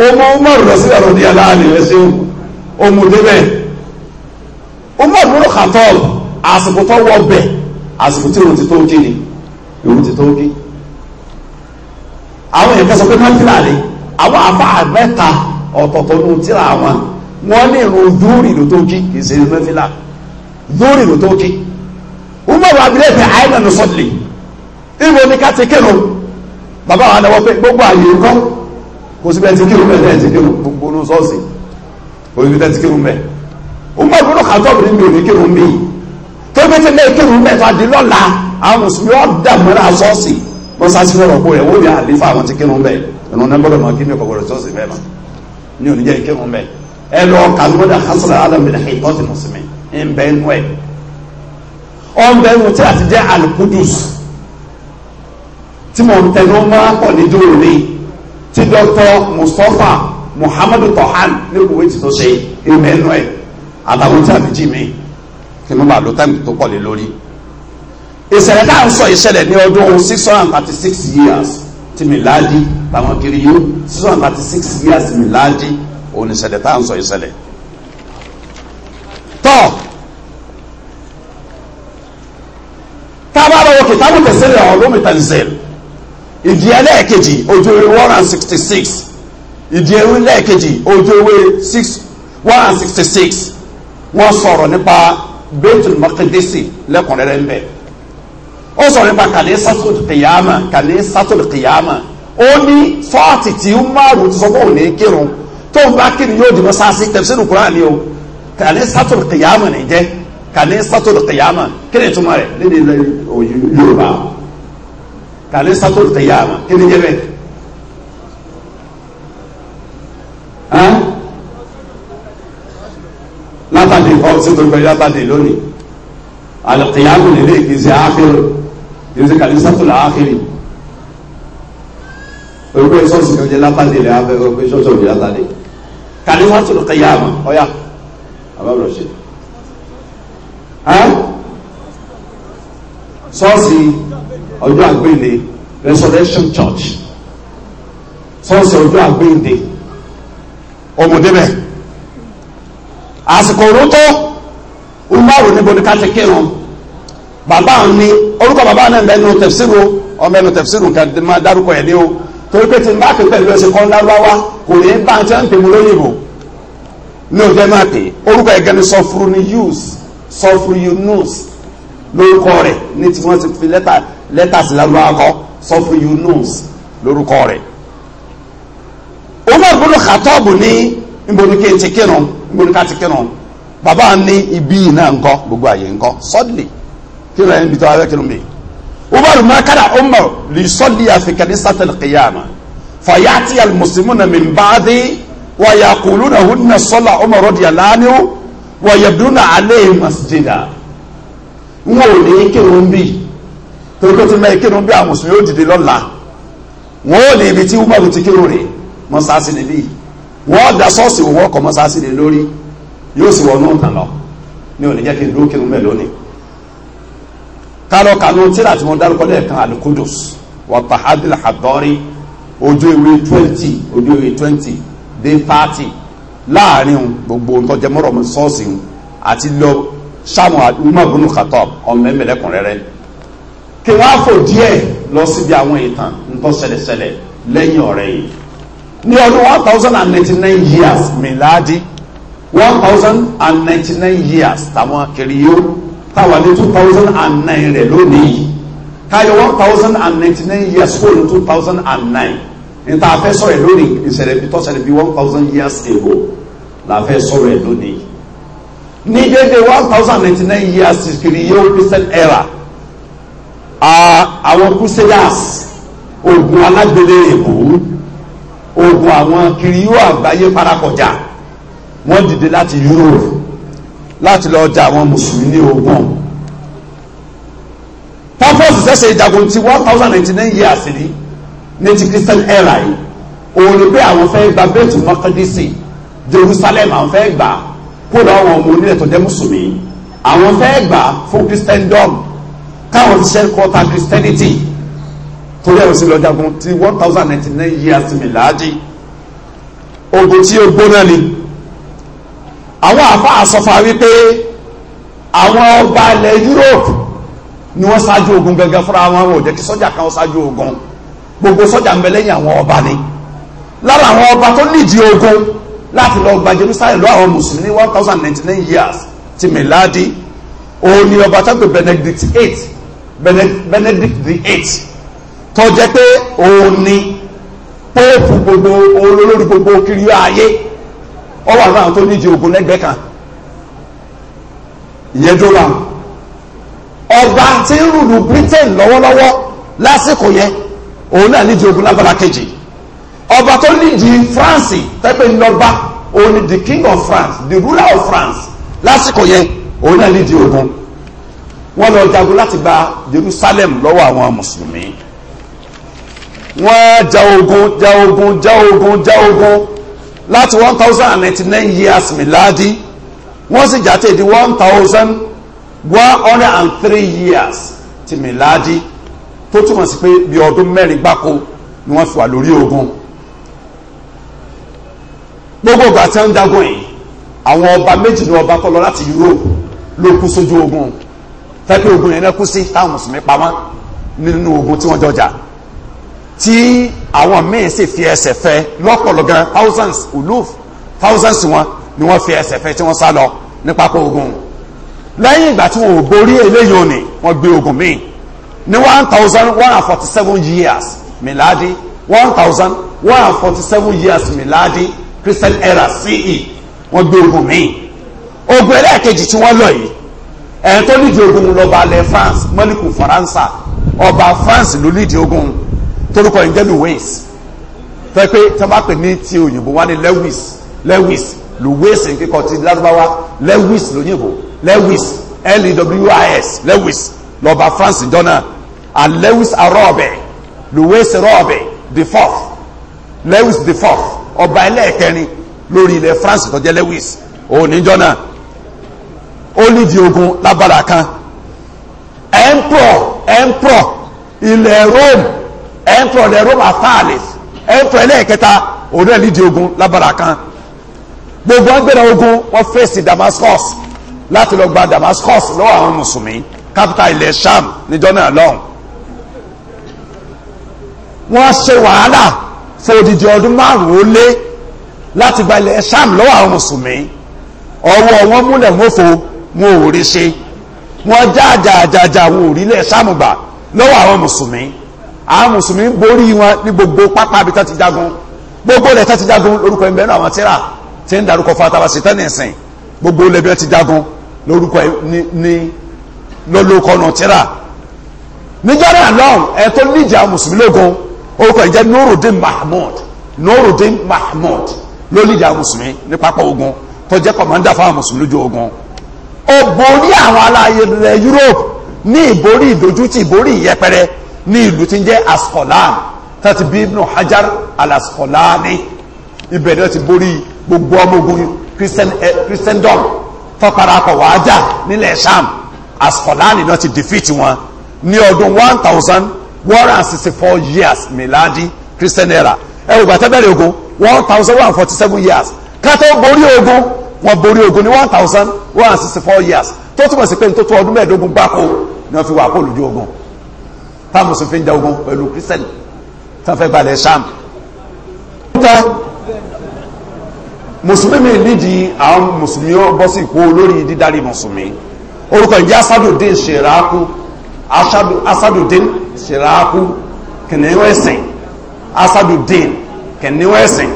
ó mú mọ̀rù lọ sílẹ̀ lọ́dí aláàlì rẹ̀ sí òmù débẹ̀ ó mọ̀rù lọ́rọ̀ kàtọ́ àsìkò tó wọ bẹ̀ àsìkò tí òun ti tó kí ni òun ti tó kí àwọn èèyàn kẹsàn pé mọ́tìlá rẹ̀ àwọn àbá àgbẹ̀ta ọ̀tọ̀ọ̀tọ̀ ní tíra àwọn wọ́n ní ìrun dúrì ló tó kí kìí ṣe mẹ́fìlà dúrì ló tó kí umaru abilẹ̀ fẹ́ àìlànà sọ́dìlì ibo ni ká ti kírun bàbá wa dáwọ́ pé gbogbo àyè ńkọ́ kò sí bẹ́ẹ̀ ti kírun bẹ́ẹ̀ náà ti kírun gbogbo ní sọ́ọ̀sì kò sí bẹ́ẹ̀ ti kírun bẹ́ẹ̀ umaru ló kà tọ́ mi ò ní kírun mi tó bí ti lẹ́ẹ̀ kírun bẹ́ẹ̀ tó a àwọn mùsùlùmí ọ̀ dàmúra sọ́ọ̀sì wọ́n sá ẹ lọ kàlùmọ́dà hasra alamina hitọ́tì mùsùlùmí ń bẹ nù ẹ ọ̀n bẹ nù tí a ti jẹ́ alukudus tí mo ń tẹnu mọ́ pọ̀ ní dúró ní tí dọ́tọ̀ mustapha muhammadu tohan ní kúwé ti tó ṣe ń bẹ nù tí a ti jí mi kí mo bá lo táìmù tó pọ̀ lé lórí ìṣẹ̀lẹ̀ tá à ń sọ ìṣẹ̀lẹ̀ ní ọdún six hundred and thirty six years ti miladi làwọn kiri yìí six hundred and thirty six years miladi òun ìṣẹ̀lẹ̀ tá à ń sọ ìṣẹ̀lẹ̀ tọ́ tábàlọ́wọ́ kìtàbù tẹ̀sílẹ̀ ọ̀rọ̀ mi tanzil ìdí ẹlẹ́ẹ̀kejì ojú ewé one and sixty six ìdí ewé ẹlẹ́ẹ̀kejì ojú ewé six one and sixty six wọ́n sọ̀rọ̀ nípa Baitul Maqdisi lẹ́kùnrẹ́rẹ́ ń bẹ̀ ó sọ̀rọ̀ nípa kànísàtò kìyàmà kànísàtò kìyàmà ó ní fọ́ọ̀tì tí ó márùn ti sọ fún òun kírun tó ń bá kiri yóò di mọ́sáàsì tafsiru Qur'an ni o kàní sátòlù kìyàmù ní jẹ́ kàní sátòlù kìyàmù kí ni ìtumọ̀ rẹ̀ ní ilẹ̀ Yorùbá kàní sátòlù kìyàmù kí ni jẹ́ bẹ́ẹ̀. látàdé kọ́ sí gbogbo látàdé lónìí alìkìyàmù nílé ìgbésẹ̀ áfírí ìgbésẹ̀ kàní sátòlù áfírí gbogbo ìsọ̀sì kan jẹ́ látàdé lẹ́yìn abẹ́rẹ́ gbogbo ìsọ̀sì kan jẹ́ látàdé kalimatul qiyama ọ̀yà àbábọ̀ ṣe sọ́ọ̀sì ọjọ́ àgbéǹde resurrection church sọ́ọ̀sì ọjọ́ àgbéǹde ọmọdébẹ̀ àsìkò orúkọ umaru níbo ni ká ti kírun bàbá mi orúkọ bàbá náà ń bẹ nínú tẹ̀síru ọmọ ẹnu tẹ̀síru nǹkan máa dárúkọ ẹ̀ ní o torí pé tí n bá pè pẹ̀lú ẹsẹ̀ kan lárúbáwá kò ní bá ń tẹ́ ń pè mú lóyìnbó ní òjẹ́ máa pè orúkọ ẹ̀gẹ́ ni sọfúru ni yus sọfúru yunus lórúkọ rẹ̀ ní tí wọ́n ti fi lẹ́tà lẹ́tà sí lárúbáwá kọ́ sọfúru yunus lórúkọ rẹ̀ umar gbọdọ̀ kàtọ́ọ̀bù ní nbọ̀nìkè ti kírun nbọ̀nìkà ti kírun bàbá ní ibi náà ńkọ́ gbogbo àyè ńkọ́ sọ́dìlì kírun ẹni bìtọ́ abẹ́kírun umaru ma kana umaru li sọliya fi kanisati alqiyama fayati almuslimuna min baadi wa yaquluna hunna sọla umaru radiyallahu anhu wa yabduna alayhi masjida n ò ní kírun bí torí pé tí mo kírun bí àwọn mùsùlùmí ó dìde lọ́la wọn ò ní ibi tí umaru ti kírun rè mọ́sáàsì níbí wọ́n da sọ́ọ̀sì wọ́n kọ́ mọ́sáàsì lé lórí yóò sì wọnú ọ̀tàn lọ ní òní jẹ́ kí n dúró kírun mẹ́ kálọ̀ kanu tíra tí mo dárúkọ lẹ́ẹ̀kan alukudus wàtàhádìlà hadori? ojú ìwé twenty ojú ìwé twenty dé thirty láàrin gbogbo ntọ́jẹmọ́rọ̀ mi sọ́ọ̀sì àti lọ sáwọn àdúmọ̀gbọ́nù kàtọ́ ọ̀mẹ́mẹ́lẹ́kùnrẹ́rẹ́ kí wọ́n á fò díẹ̀ lọ síbi àwọn ìtàn ntọ́sẹ̀lẹ̀sẹ̀lẹ̀ lẹ́yìn ọ̀rẹ́ yìí ní ọdún one thousand and ninety nine years miladi one thousand and ninety nine years tàwọn kiri yóò táwa ní two thousand and nine rẹ̀ lónìí káyọ̀ one thousand and ninety nine years kó ní two thousand and nine níta afẹ́ sọ̀rọ̀ ẹ̀ lónìí ìṣẹ̀lẹ̀ bí tọ́sẹ̀lẹ̀ bí one thousand years ago làfẹ́ sọ̀rọ̀ ẹ̀ lónìí ní dédé one thousand ninety nine years kiri yóò christian era àwọn crusaders ogun alágbèlè èbó ogun àwọn kiri yóò àgbáyé farakọjá wọ́n dìde láti Europe láti lọ ja àwọn mùsùlùmí ní ogun purpose ṣẹ̀ṣẹ̀ ìjagun ti one thousand ninety nine years ni ní ti christian era yìí òun ni pé àwọn fẹ́ gba bẹ́ẹ̀tù mọ́kàndínsì jerusalem àwọn fẹ́ gbà kó lọ́wọ́ àwọn ọmọ onílẹ̀ tó jẹ́ mùsùlùmí àwọn fẹ́ gbà fún christendom káwọn ti ṣe kọta christianity torí ẹ̀rọ sí lọ́jàgun ti one thousand ninety nine years mi láàjì ogun tí ó gbóná ni àwọn àfáà sọfà wípé àwọn ọba ilẹ̀ Europe ni wọ́n ṣáájú ogun gangan fúnra wọn ò jẹ́ kí sọ́jà kan ṣáájú ogun gbogbo sọ́jà ń bẹ lẹ́yìn àwọn ọba ni lára àwọn ọba tó nídìí ogun láti lọ gba Jerusalem lọ àwọn mùsùlùmí ní one thousand ninety nine years ti miladi òun ni ọba tó gbé Benedict eight Benedict the eight tó jẹ́ pé òun ni póòpù gbogbo olórí gbogbo kiri ayé ọ wà láwọn tó nídìí ogun lẹ́gbẹ́ kan ìyẹn dúró làwọn ọba tí ń rùlù Britain lọ́wọ́lọ́wọ́ lásìkò yẹn òun náà nídìí ogun lábala kejì ọba tó nídìí France tẹ́pẹ́ ńlọba òun ni the king of France the ruler of France lásìkò yẹn òun náà nídìí ogun wọ́n lọ jagun láti gba Jerusalem lọ́wọ́ àwọn mùsùlùmí wọ́n ja ogun ja ogun ja ogun ja ogun láti one thousand and ninety nine years miladi wọ́n sì jáde di one thousand one hundred and three years ti miladi tó túmọ̀ sí pé bí ọdún mẹ́rin gbáko ni wọ́n fi wà lórí ogun gbogbo ìgbà tí wọ́n ń jagun yìí àwọn ọba méjì ni ọba tó lọ láti Europe ló kú sójú ogun tẹ́kẹ́ ogun yẹn náà kú sí táwọn mùsùlùmí pamọ́ nínú ogun tí wọ́n jọjà tí àwọn míì sì fi ẹsẹ̀ fẹ́ lọ́pọ̀lọ́ gan thousands uluf thousands wọn ni wọ́n fi ẹsẹ̀ fẹ́ tí wọ́n sá lọ ní pápá ogun lẹ́yìn ìgbà tí wọn ò borí eléyìí òní wọ́n gbé ogun míì ní one thousand one and forty seven years miladi one thousand one and forty seven years miladi christian era ce wọ́n gbé ogun míì ogun ẹlẹ́ẹ̀kejì tí wọ́n lọ yìí ẹ̀ẹ́n tó nídìí ogun lọ́ba alẹ́ france mọ́líkù faransa ọba france ló nídìí ogun torúkọ yìí Lewis, Louis tẹ́ pé tí wọ́n bá pè ní ti òyìnbó wá ní Lewis Lewis Louis kíkọ ti lárúbáwá Lewis lóyìnbó Lewis L-E-W-I-S Lewis lọ́ba France jọ́nà and Lewis arọ́ọ̀bẹ̀ Lewis rọ́ọ̀bẹ̀ the fourth Lewis the fourth ọba ẹlẹ́ẹ̀kẹrin lórí ilẹ̀ France tó jẹ́ Lewis oníjọ́ náà ó nídi ogun lábala kan emperor emperor ilẹ̀ Rome ẹ̀ ń tọ̀ lẹ́rọ wà fáàlìs ẹ̀ ń tọ̀ ẹlẹ́ẹ̀kẹta òun náà lídìí ogun lábàrà kan gbogbo agbẹ́rẹ́ ogun wọ́n fèsì Damascus láti lọ gba Damascus lọ́wọ́ àwọn mùsùlùmí capital ilẹ̀ Sham níjọ́ náà lọ́hùn wọ́n ṣe wàhálà fún odidi ọdún márùn-ún ó lé láti gba ilẹ̀ Sham lọ́wọ́ àwọn mùsùlùmí ọwọ́ wọn múlẹ̀ mọ́fo wọn ò rí ṣe wọ́n jáàjàjàjà wọn ò rí ilẹ̀ Sham gbà lọ́wọ́ àwọn mùsùlùmí àwọn mùsùlùmí borí wọn ní gbogbo pápá àbí tán ti jagun gbogbo ilẹ̀ tán ti jagun lórúkọ ẹ̀ mẹ́rin àwọn tíra tí ń darúkọ fataba sitani ẹ̀sìn gbogbo ilẹ̀ bí wọ́n ti jagun lórúkọ ẹ̀ ní lólókọ náà tíra níjọ́ náà lọ́hùn ẹ̀ tó níjà àwọn mùsùlùmí lógun orúkọ ìjẹ́ Nurudin Mahmud Nurudin Mahmud ló níjà àwọn mùsùlùmí ní pápá ogun tó jẹ́ kọ̀mọ́ndà fáwọn mùsùlùmí lójú ogun ó borí àwọn aláyẹ̀ Europe ní ìborí ní ìlú tí ń jẹ́ ascolan tá ti bí ibnu hajar alascolani ibẹ̀ náà ti borí gbogbo ọmọ ogun eh, christendom tọ́parapọ̀ wàá jà nílẹ̀ sham ascolani náà ti defeat wọn ní ọdún one thousand one hundred sixty four years miladi christian era ẹ̀rù gbàtẹ́bẹ̀rẹ̀ ogun one thousand one hundred forty seven years kátó borí ogun wọ́n borí ogun ní one thousand one hundred sixty four years tó túmọ̀ sí pé ní tó tó ọdún mẹ́ẹ̀ẹ́dógún gbáko ni wọ́n fi wà kó lójú ogun táwọn mùsùlùmí ń jagun pẹ̀lú kírísítẹ́nì tó fẹ́ gbalẹ̀ sam. mùsùlùmí nídìí àwọn mùsùlùmí bọ́ sí ipò olórí dídarí mùsùlùmí orúkọ ìjẹ́ asádùdín ṣèràákú asádùdín ṣèràákú kìnìún ẹ̀sìn asádùdín kìnìún ẹ̀sìn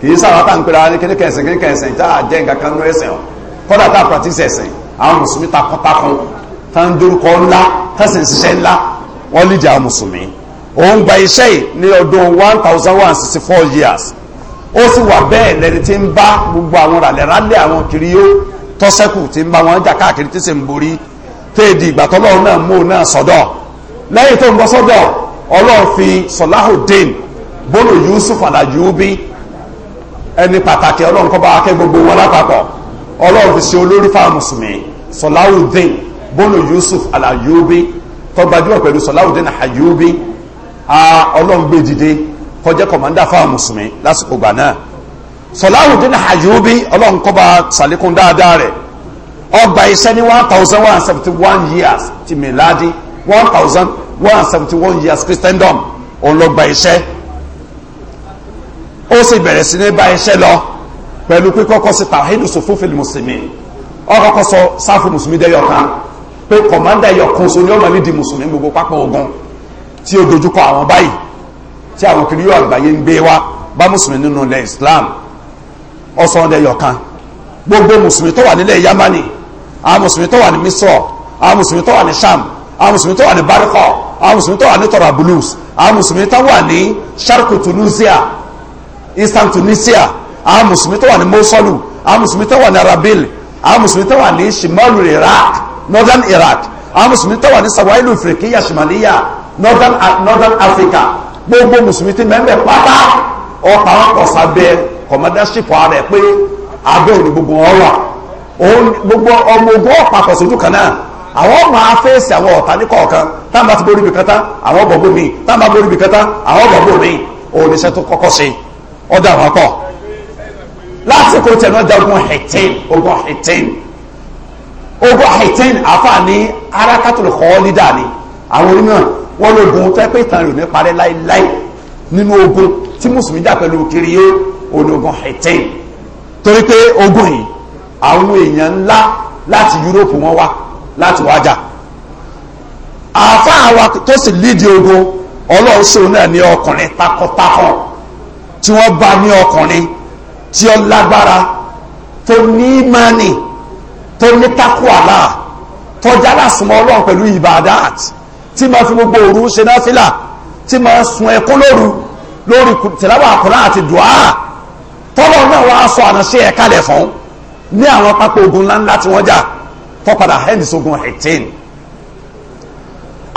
kìí sára tá n pèrè ara kékeré ẹ̀sìn kékeré ẹ̀sìn tá a jẹ́ nǹkan kan nínú ẹ̀sìn o kọ́dà tá a practice ẹ̀sìn àwọn mùsùlùmí takọ́takọ́ tá ń dorúkọ ńlá tá sì ń ṣiṣẹ́ ńlá wọ́n lè jẹ́ àwọn mùsùlùmí òun gba iṣẹ́ yìí ní ọdún one thousand one sixty four years ó sì wà bẹ́ẹ̀ lẹ́ni tí ń bá gbogbo àwọn ràlẹ́ràlẹ́ àwọn kiri yó tọ́sẹ́kù tí ń bá wọn jà káàkiri tí sì ń borí téèdì ìgbà náà mú un náà sọ́dọ̀ lẹ́yìn tó ń bọ́ sọ́dọ̀ ọlọ́run fi yusuf alayubi ẹni pàtàkì ọlọ́run kọ́ gbogbo wọn lápapọ̀ ọlọ́run fi ṣe olórí fáwọn mùsùlùmí bólú yusuf tó gbajúmọ̀ pẹ̀lú Salahuddin Ayyubi a ọlọ́run gbé dìde kọjá kọ̀mọ́ndà fáwọn mùsùlùmí lásìkò gbà náà Salahuddin Ayyubi ọlọ́run kọba sàlékún dáadáa rẹ̀ ọgbà iṣẹ́ ní one thousand one seventy one years ti miladi one thousand one seventy one years Christendom òun lọ gba iṣẹ́ ó sì bẹ̀rẹ̀ sí ní bá iṣẹ́ lọ pẹ̀lú pé kọ́kọ́ sí tàhídùsù fúnfẹ̀lì mùsùlùmí ọkọ̀kọ́ sọ sáfù mùsùlùmí dẹ́yọ̀ kan pé kọ̀mọ́ndà ẹ̀yọ̀kan so ní ọmọ lídìí mùsùlùmí gbogbo pápá ogun tí ó dojúkọ àwọn báyìí tí àwọn kiri yóò àgbáyé ń gbé wá bá mùsùlùmí nínú ilẹ̀ Islam ọ̀sán ẹ̀yọ̀kan gbogbo mùsùlùmí tó wà nílẹ̀ Yamani àwọn mùsùlùmí tó wà ní Misr àwọn mùsùlùmí tó wà ní Sham àwọn mùsùlùmí tó wà ní Barqa àwọn mùsùlùmí tó wà ní Torablus àwọn mùsùlùmí tó wà ní sharku Tunisia eastern Tunisia àwọn mùsùlùmí tó wà ní Mosolu àwọn mùsùlùmí tó wà ní Arabil àwọn mùsùlùmí tó wà ní shimalu Iraq northern Iraq àwọn mùsùlùmí tó wà ní sawailu ifrikiya shimaliya northern northern Africa gbogbo mùsùlùmí ti mẹ́mẹ́ pátá ọ̀pá wọn kọ̀ sábẹ́ commandership ara ẹ̀ pé abẹ́ òní gbogbo wọn wà gbogbo ọmọ ogun ọ̀pá kọ̀ sójú kan náà àwọn máa fèsì àwọn ọ̀tá ní kọ̀ọ̀kan táwọn bá ti borí ibìkan tán àwọn bọ̀ bómi táwọn bá borí ibìkan tán àwọn bọ̀ bómi oníṣẹ́ tó kọ́kọ́ ṣe ọ̀dà wọn pọ̀ lásìkò tẹ̀ náà jagun hìtín ogun hìtín over eighteen afa ní arakatul kọ́ọ́lídà ni àwọn onímọ̀ wọn ló gun tẹ́ pé ìtàn rẹ̀ ní parẹ́ láéláé nínú ogun tí mùsùlùmí jà pẹ̀lú kiri yé onígun eighteen torí pé ogun yìí àwọn èèyàn ńlá láti Yúróòpù wọn wá láti wájà àáfàá wa tó sì lídìí ogun ọlọ́run ṣòro náà ní ọkùnrin takọtakọ tí wọ́n bá ní ọkùnrin tí ó lágbára tó ní mánì tó ní takwala tọ́jà lásùmọ́ ọlọ́run pẹ̀lú ibadat tí ma fi gbogbo òru ṣe náfìlà tí ma sun ẹkún lóru lórí tìláwà àkùnrin àti dùá tọ́lọ̀ náà wá sọ ànàṣe ẹ̀ kalẹ̀ fún ní àwọn pápá ogun ńláńlá tí wọ́n jà tó padà hẹ́ndì sógun hẹ̀tẹ́ẹ̀nì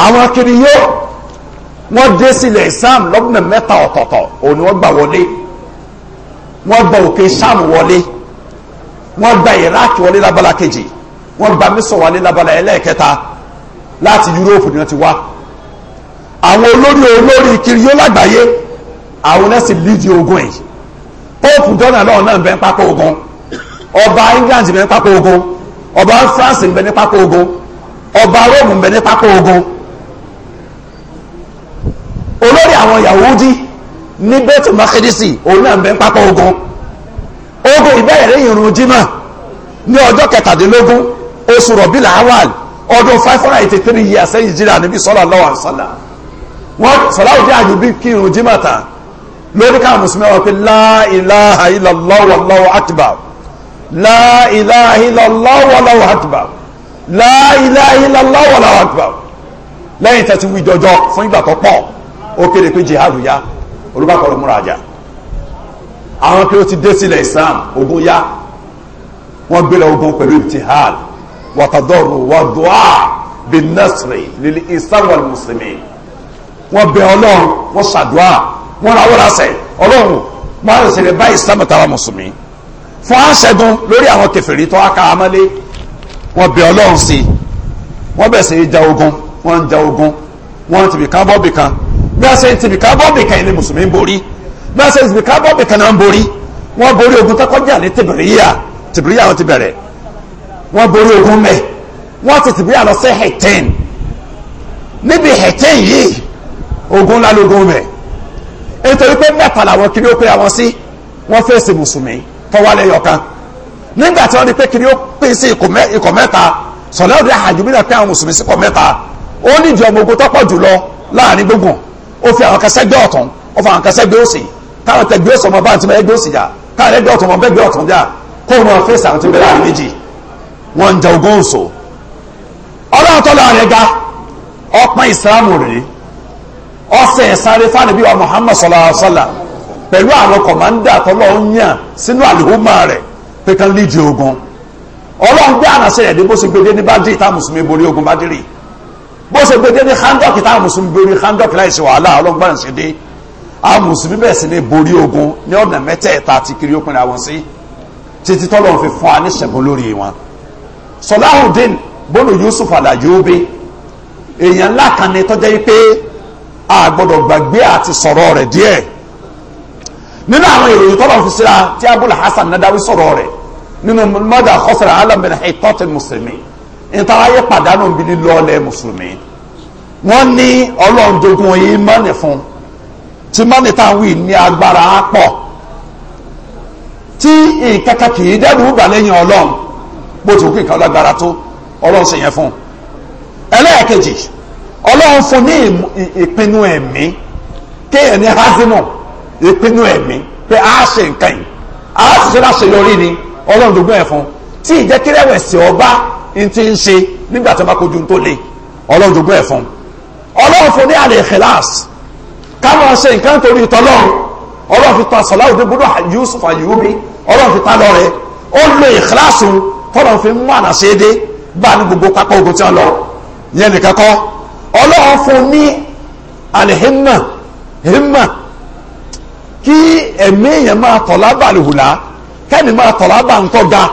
àwọn kiri yóò wọ́n dé sílẹ̀ Islam lọ́gbọ̀n mẹ́ta ọ̀tọ̀ọ̀tọ̀ òní wọ́n gbà wọlé wọ́n gba òkè Sham wọlé wọ́n gba iraq wọlé lábala kejì wọ́n gba mísọ̀ wọlé lábala ẹlẹ́ẹ̀kẹta láti yúróòpù ni wọ́n ti wá àwọn olórí olórí kiri yóò lágbàáyé àwọn ẹ̀sìn lídìí ogun yìí pope donald náà náà ń bẹ ń pápá ogun ọba england ń pápá ogun ọba france ń bẹ ní pápá ogun ọba rome ń bẹ ní pápá ogun olórí àwọn yahudi ní bẹ́tù makidisi òun náà ń pápá ogun ogun ìbẹ̀rẹ̀ lẹ́yìn irun jimá ní ọjọ́ kẹtàdínlógún oṣù rọ̀bìlà awal ọdún five hundred eighty three years sẹ́yìn jìnnà níbi sọ́lá lọ́wọ́ àṣálà wọ́n sọ̀láwùdí àjùbí kí irun jimá ta lórí káà mùsùlùmí wọn pé la ilaha illallah wallahu akbar la ilaha illallah wallahu lẹ́yìn tẹ́tí jọjọ fún ìgbà tó pọ̀ ó kéde pé jihadu ya olùbákọ̀ọ́rọ̀ múra àjà àwọn kí ó ti dé sílẹ̀ islam ogun yá wọ́n gbélé ogun pẹ̀lú ibtihal wàtàdọ́rù wàdùá bin nasri lil islam wal muslimin wọ́n bẹ ọlọ́run wọ́n ṣàdùá wọ́n rawọ́ lásẹ̀ ọlọ́run máa ń ṣẹlẹ̀ bá islam tàwa mùsùlùmí fún àṣẹgun lórí àwọn kẹfìrí tó aka amálé wọ́n bẹ ọlọ́run sí wọ́n bẹ̀ sí ja ogun wọ́n ń ja ogun wọ́n ti bìkan bọ́ bìkan bí wọ́n ṣe ti bìkan bọ́ bìkan ilé mùsùlùmí borí versus bikabọ bìkànnà ń borí wọ́n borí ogun tọkọjà ní tìbìríyà tìbìríyà wọ́n ti bẹ̀rẹ̀ wọ́n borí ogun mẹ́ wọ́n ti tìbìríyà lọ sí hẹ̀tẹ́n níbi hẹ̀tẹ́n yìí ogun ńlá lógun mẹ́ nítorí pé mẹ́ta làwọn kiri ó pé àwọn sí wọ́n fèsì mùsùlùmí tọ́wálẹ̀ yọkan nígbà tí wọ́n rí pé kiri ó pín sí ikọ̀ mẹ́ta sọ̀lẹ́ òde àjùmílẹ̀ pé àwọn mùsùlùmí sí ikọ̀ mẹ́ta ó nídìí ọmọ ogun tọ́pọ̀ fi àwọn kẹsẹ́gbẹ́ ọ̀tún ó fi àwọn kẹsẹ́gbẹ́ òsì káwọn tẹgbẹ́ ọ̀sọ̀mọ bá àti ẹgbẹ́ òsì jà káwọn ẹgbẹ́ ọ̀tọ̀mọ bẹ́gbẹ́ ọ̀tún jà kó wọn fèsì àwọn tí ń bẹ láàrin méjì wọn ń jẹ ogún òsò ọlọ́run tó láàrin ẹga ọpọ́n ìsìlámù rèé ọsẹ̀ ìsáré fáànàbí wa Muhammad sallallahu alaihi wasallam pẹ̀lú àwọn kọ̀mándà tọ́lọ́ ń yàn sínú àlùhùmá rẹ̀ pé kan líje ogun ọlọ́run gbé ànàṣẹ ẹ̀dí bó ṣe gbede ní bájì ìta mùsùlùmí borí ogun bájì rì bó ṣe gbede ní handok ìta mùsùlùmí borí handok láìsí wàhálà ọlọ́run gbọ́dọ̀ àwọn mùsùlùmí bẹ̀rẹ̀ sí ní borí ogun ní ọ̀nà mẹ́tẹ̀ẹ̀ta àti kiri òpin àwọn sí títí tọ́lọ́run fi fún wa ní ṣẹ̀gun lórí wọn sọláhùndín bọ́lù yusuf alayubi èèyàn ńlá kan ni tọ́jẹ́ yí pé a gbọ́dọ̀ gbàgbé àti sọ̀rọ̀ rẹ̀ díẹ̀ nínú àwọn ìròyìn tọ́lọ́run fi síra tí abul hasan nadawi sọ̀rọ̀ rẹ̀ nínú mọ́dà kọ́sìrà alamina ìtọ́tẹ̀ mùsùlùmí ìtàláyé pàdánù bí lílọ́ọ̀lẹ̀ mùsùlùmí wọ́n ní ọlọ́run dogun yìí mọ́ni fún un tí mọ́nì tá à ń wí ní agbára á pọ̀ tí nǹkan kan kì í dẹ́rù bà lẹ́yìn ọlọ́run bó ti kú nǹkan lágbára tó ọlọ́run ṣe yẹn fún un ẹlẹ́ẹ̀kejì ọlọ́run fún ní ìpinnu ẹ̀mí kéèyàn ní hazinu ìpinnu ẹ̀mí pé a ṣe nǹkan yìí a sì ṣe láṣẹ yọrí ni ọlọ́run tó gbọ́n ẹ̀ fún tí ìjẹ́kírẹ́wẹ̀sì ọba n ti ń ṣe nígbà tí wọ́n bá kojú tó le ọlọ́run tó gbọ́n ẹ̀ fún ọlọ́run fún ní àlè kẹláàsì káwọn ṣe nǹkan torí tọ́lọ́run ọlọ́run fi ta Salahuddin Ibn Yusuf Al-Ayyubi ọlọ́run fi ta lọ́rẹ̀ ó lo ìkíláàsù tọ́lọ́run fi mú àná ṣe é dé bá ní gbogbo pápá ogun tí wọ́n lọ yẹn nìkan kọ́ ọlọ́run fún ní alihimma himma kí ẹ̀mí èèyàn máa tọ̀lá bàlùhùlá kẹ́mi máa tọ̀lá bà ń tọ́ ga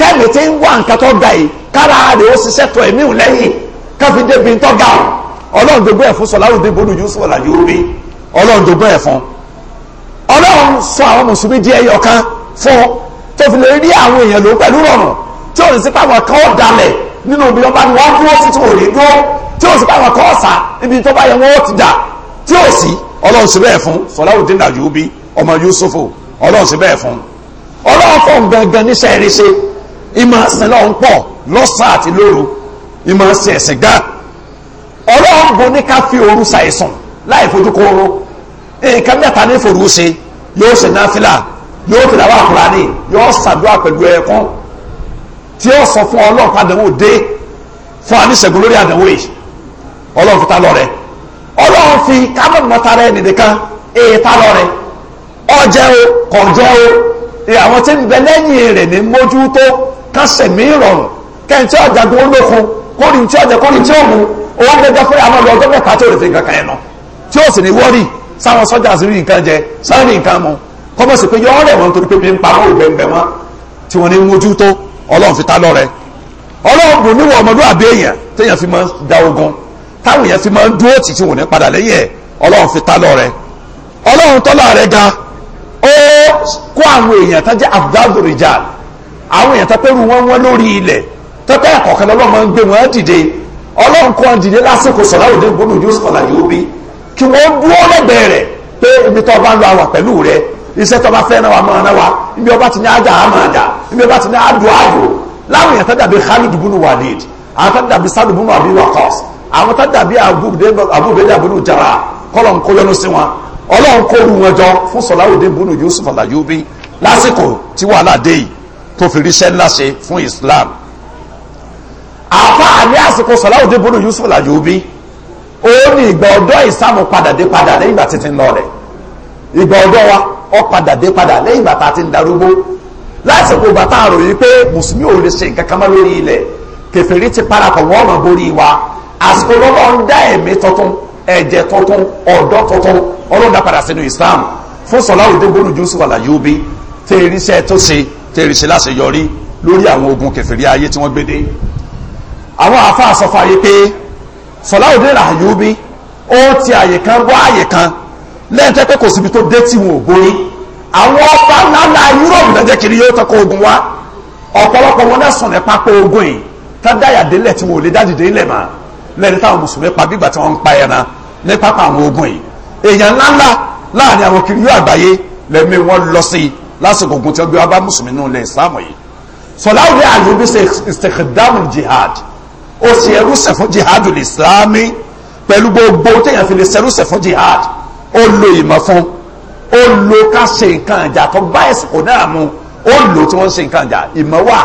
kẹ́mi tí ń wá nǹkan tó ga yìí kára rẹ̀ ó ṣiṣẹ́ tó ẹ̀mí ò lẹ́yìn káfi débi ń ga ọ̀ ọlọ́run tó gbé ẹ̀fún sọláwùdí bọ́dù yusuf ọ̀làjú omi ọlọ́run tó gbé ẹ̀fún ọlọ́run sọ àwọn mùsùlùmí di ẹyọ kan fún tó fi lè rí àwọn èèyàn lò pẹ̀lú rọrùn tí ò ní sí pàwọn kan ó nínú ibi ọba ni wọ́n dúró sí tí ò rí dúró tí ò sí pàwọn kan ọ̀sà ibi tó bá yẹ wọ́n ó ti dà tí ò sí ọlọ́run sì bẹ́ẹ̀ fún sọláwùdí ọ̀làjú omi ọmọ yusuf ọlọ́run sì bẹ́ẹ̀ fún ọlọ́run fún gangan níṣẹ́ ìrìṣe ìmọ̀ ẹ̀sìn ọlọ́run bo ní ká fi òru ṣàìsàn láì fojú kóró nǹkan mẹ́ta ní forú ṣe yóò ṣe náfìlà yóò fi làwọn àkùránì yóò ṣàdúrà pẹ̀lú ẹ̀kọ́ tí ó sọ fún ọlọ́run padàwó dé fún aníṣẹ́gun lórí àdánwò yìí ọlọ́run fi ta lọ rẹ ọlọ́run fi kámọ̀ mọ́ta rẹ nìkan èyí ta lọ rẹ ọjẹ́ o kọjẹ́ o àwọn tí ń bẹ lẹ́yìn rẹ̀ ní mójútó kásẹ̀mí ìrọ̀rùn kẹ́ntì ọ̀jagun olókun kórìntì ọ̀jẹ̀ kórìntì ògùn òun gbẹgbẹ fún àwọn ọmọ ọgọ́fẹ́ ká tó lè fi nǹkan kan ẹ̀nà tí ó sì ní wọ́rì sáwọn sọ́jà sí rí nǹkan jẹ sáwọn ní nǹkan mu kọ́mọ̀ sí pé yọ́ọ́ rẹ̀ wọ́n torí pé mi ń pa owó bẹ́ẹ̀ bẹ́ẹ̀ wọ́n tí wọ́n ní mójú tó ọlọ́run fi ta lọ́rẹ ọlọ́run bò níwọ̀ ọmọdúnrún èèyàn téèyàn fi máa ń da ogun táwọn èèyàn fi máa ń dúró tì tí wọ́n ní padà lẹ́yìn ẹ̀ ọlọ́run fi ta lọ́rẹ ọlọ́run tọ́lá rẹ̀ ga ó kó àwọn èèyàn tó jẹ́ abdul rijal àwọn èèyàn tó pẹ́rù wọn wọn lórí ilẹ̀ tọ́pẹ́ àkọ́kọ́ lọ́lọ́ máa ń ọlọ́run kan dìde lásìkò Salahuddin Gbódù Yusuf Ọláyọ̀bí kí wọ́n dúró lẹ́gbẹ̀ẹ́ rẹ̀ pé ibi tó bá ń lọ àwà pẹ̀lú rẹ̀ iṣẹ́ tó bá fẹ́ náà wà máa náà wà ibi ọba ti ní àjà àmà àjà ibi ọba ti ní àdó àdó láwọn èèyàn tó dàbí Khalid bunu Walid àwọn tó dàbí Sadu bunu Abi Waqas àwọn tó dàbí abúgbèdè abúlù jara kọlọ̀ ń kó yọnu sí wọn ọlọ́run kó lu wọn jọ fún Salahuddin Gbódù Yusuf Ọláyọ̀bí lásìkò tí wàhálà dé yìí tó fi ríṣẹ́ ńlá ṣe fún Islam àfa àmì àsìkò Salahuddin ibn Yusuf al-Ayyubi ó ní ìgbà ọ̀dọ́ ìsàmù padà dé padà lẹ́yìn ìgbà títí ń lọ rẹ̀ ìgbà ọ̀dọ́ wa ó padà dé padà lẹ́yìn ìgbà tá a ti ń darúgbó lásìkò bàtà àròyìn pé mùsùlùmí ò lè ṣe nǹkan kan mọ́ lórí ilẹ̀ kèfèrí ti parapọ̀ wọ́n mọ̀ borí wa àsìkò lọ́wọ́ ń dá ẹ̀mí tuntun ẹ̀jẹ̀ tuntun ọ̀dọ́ tuntun ọlọ́dà padà sínú Islam fún Salahuddin ibn Yusuf al-Ayyubi tẹ́ẹ̀ríṣẹ́ tó ṣe tẹ́ẹ̀ríṣẹ́ láṣeyọrí lórí àwọn ogun kèfèrí ayé tí wọ́n gbé dé àwọn àfáà sọ fàyè pé Salahuddin Ayyubi ó ti àyè kan wá àyè kan lẹ́yìn tẹ́ pé kò síbi tó dé tí wọn ò borí àwọn ọba ńláńlá Yúròpù lẹ́jẹ̀ kiri yóò tọ́kọ ogun wá ọ̀pọ̀lọpọ̀ wọn náà sọ̀rọ̀ ẹ̀pá pé ogun yìí tá dáyà délẹ̀ tí wọn ò lè dájú dé ilẹ̀ mà lẹ́ni táwọn mùsùlùmí pa bígbà tí wọ́n ń pa ẹran ní pápá àwọn ogun yìí èèyàn ńláńlá láàrin àwọn kiri yóò àgbáyé lẹ́mí wọn lọ sí i lásìkò ogun tí wọ́n gbé wá bá mùsùlùmí nù lẹ́ ìsìlámù yìí Salahuddin Ayyubi ṣe istikhdamu jihad ó sì ẹrúsẹ̀ fún jihadul islami pẹ̀lú gbogbo téèyàn fi lè sẹrúsẹ̀ fún jihad ó lo ìmọ̀ fún ó lo ká ṣe nǹkan ìjà tó bá ẹ̀sìnkò náà mu ó lo tí wọ́n ń ṣe nǹkan ìjà ìmọ̀ wà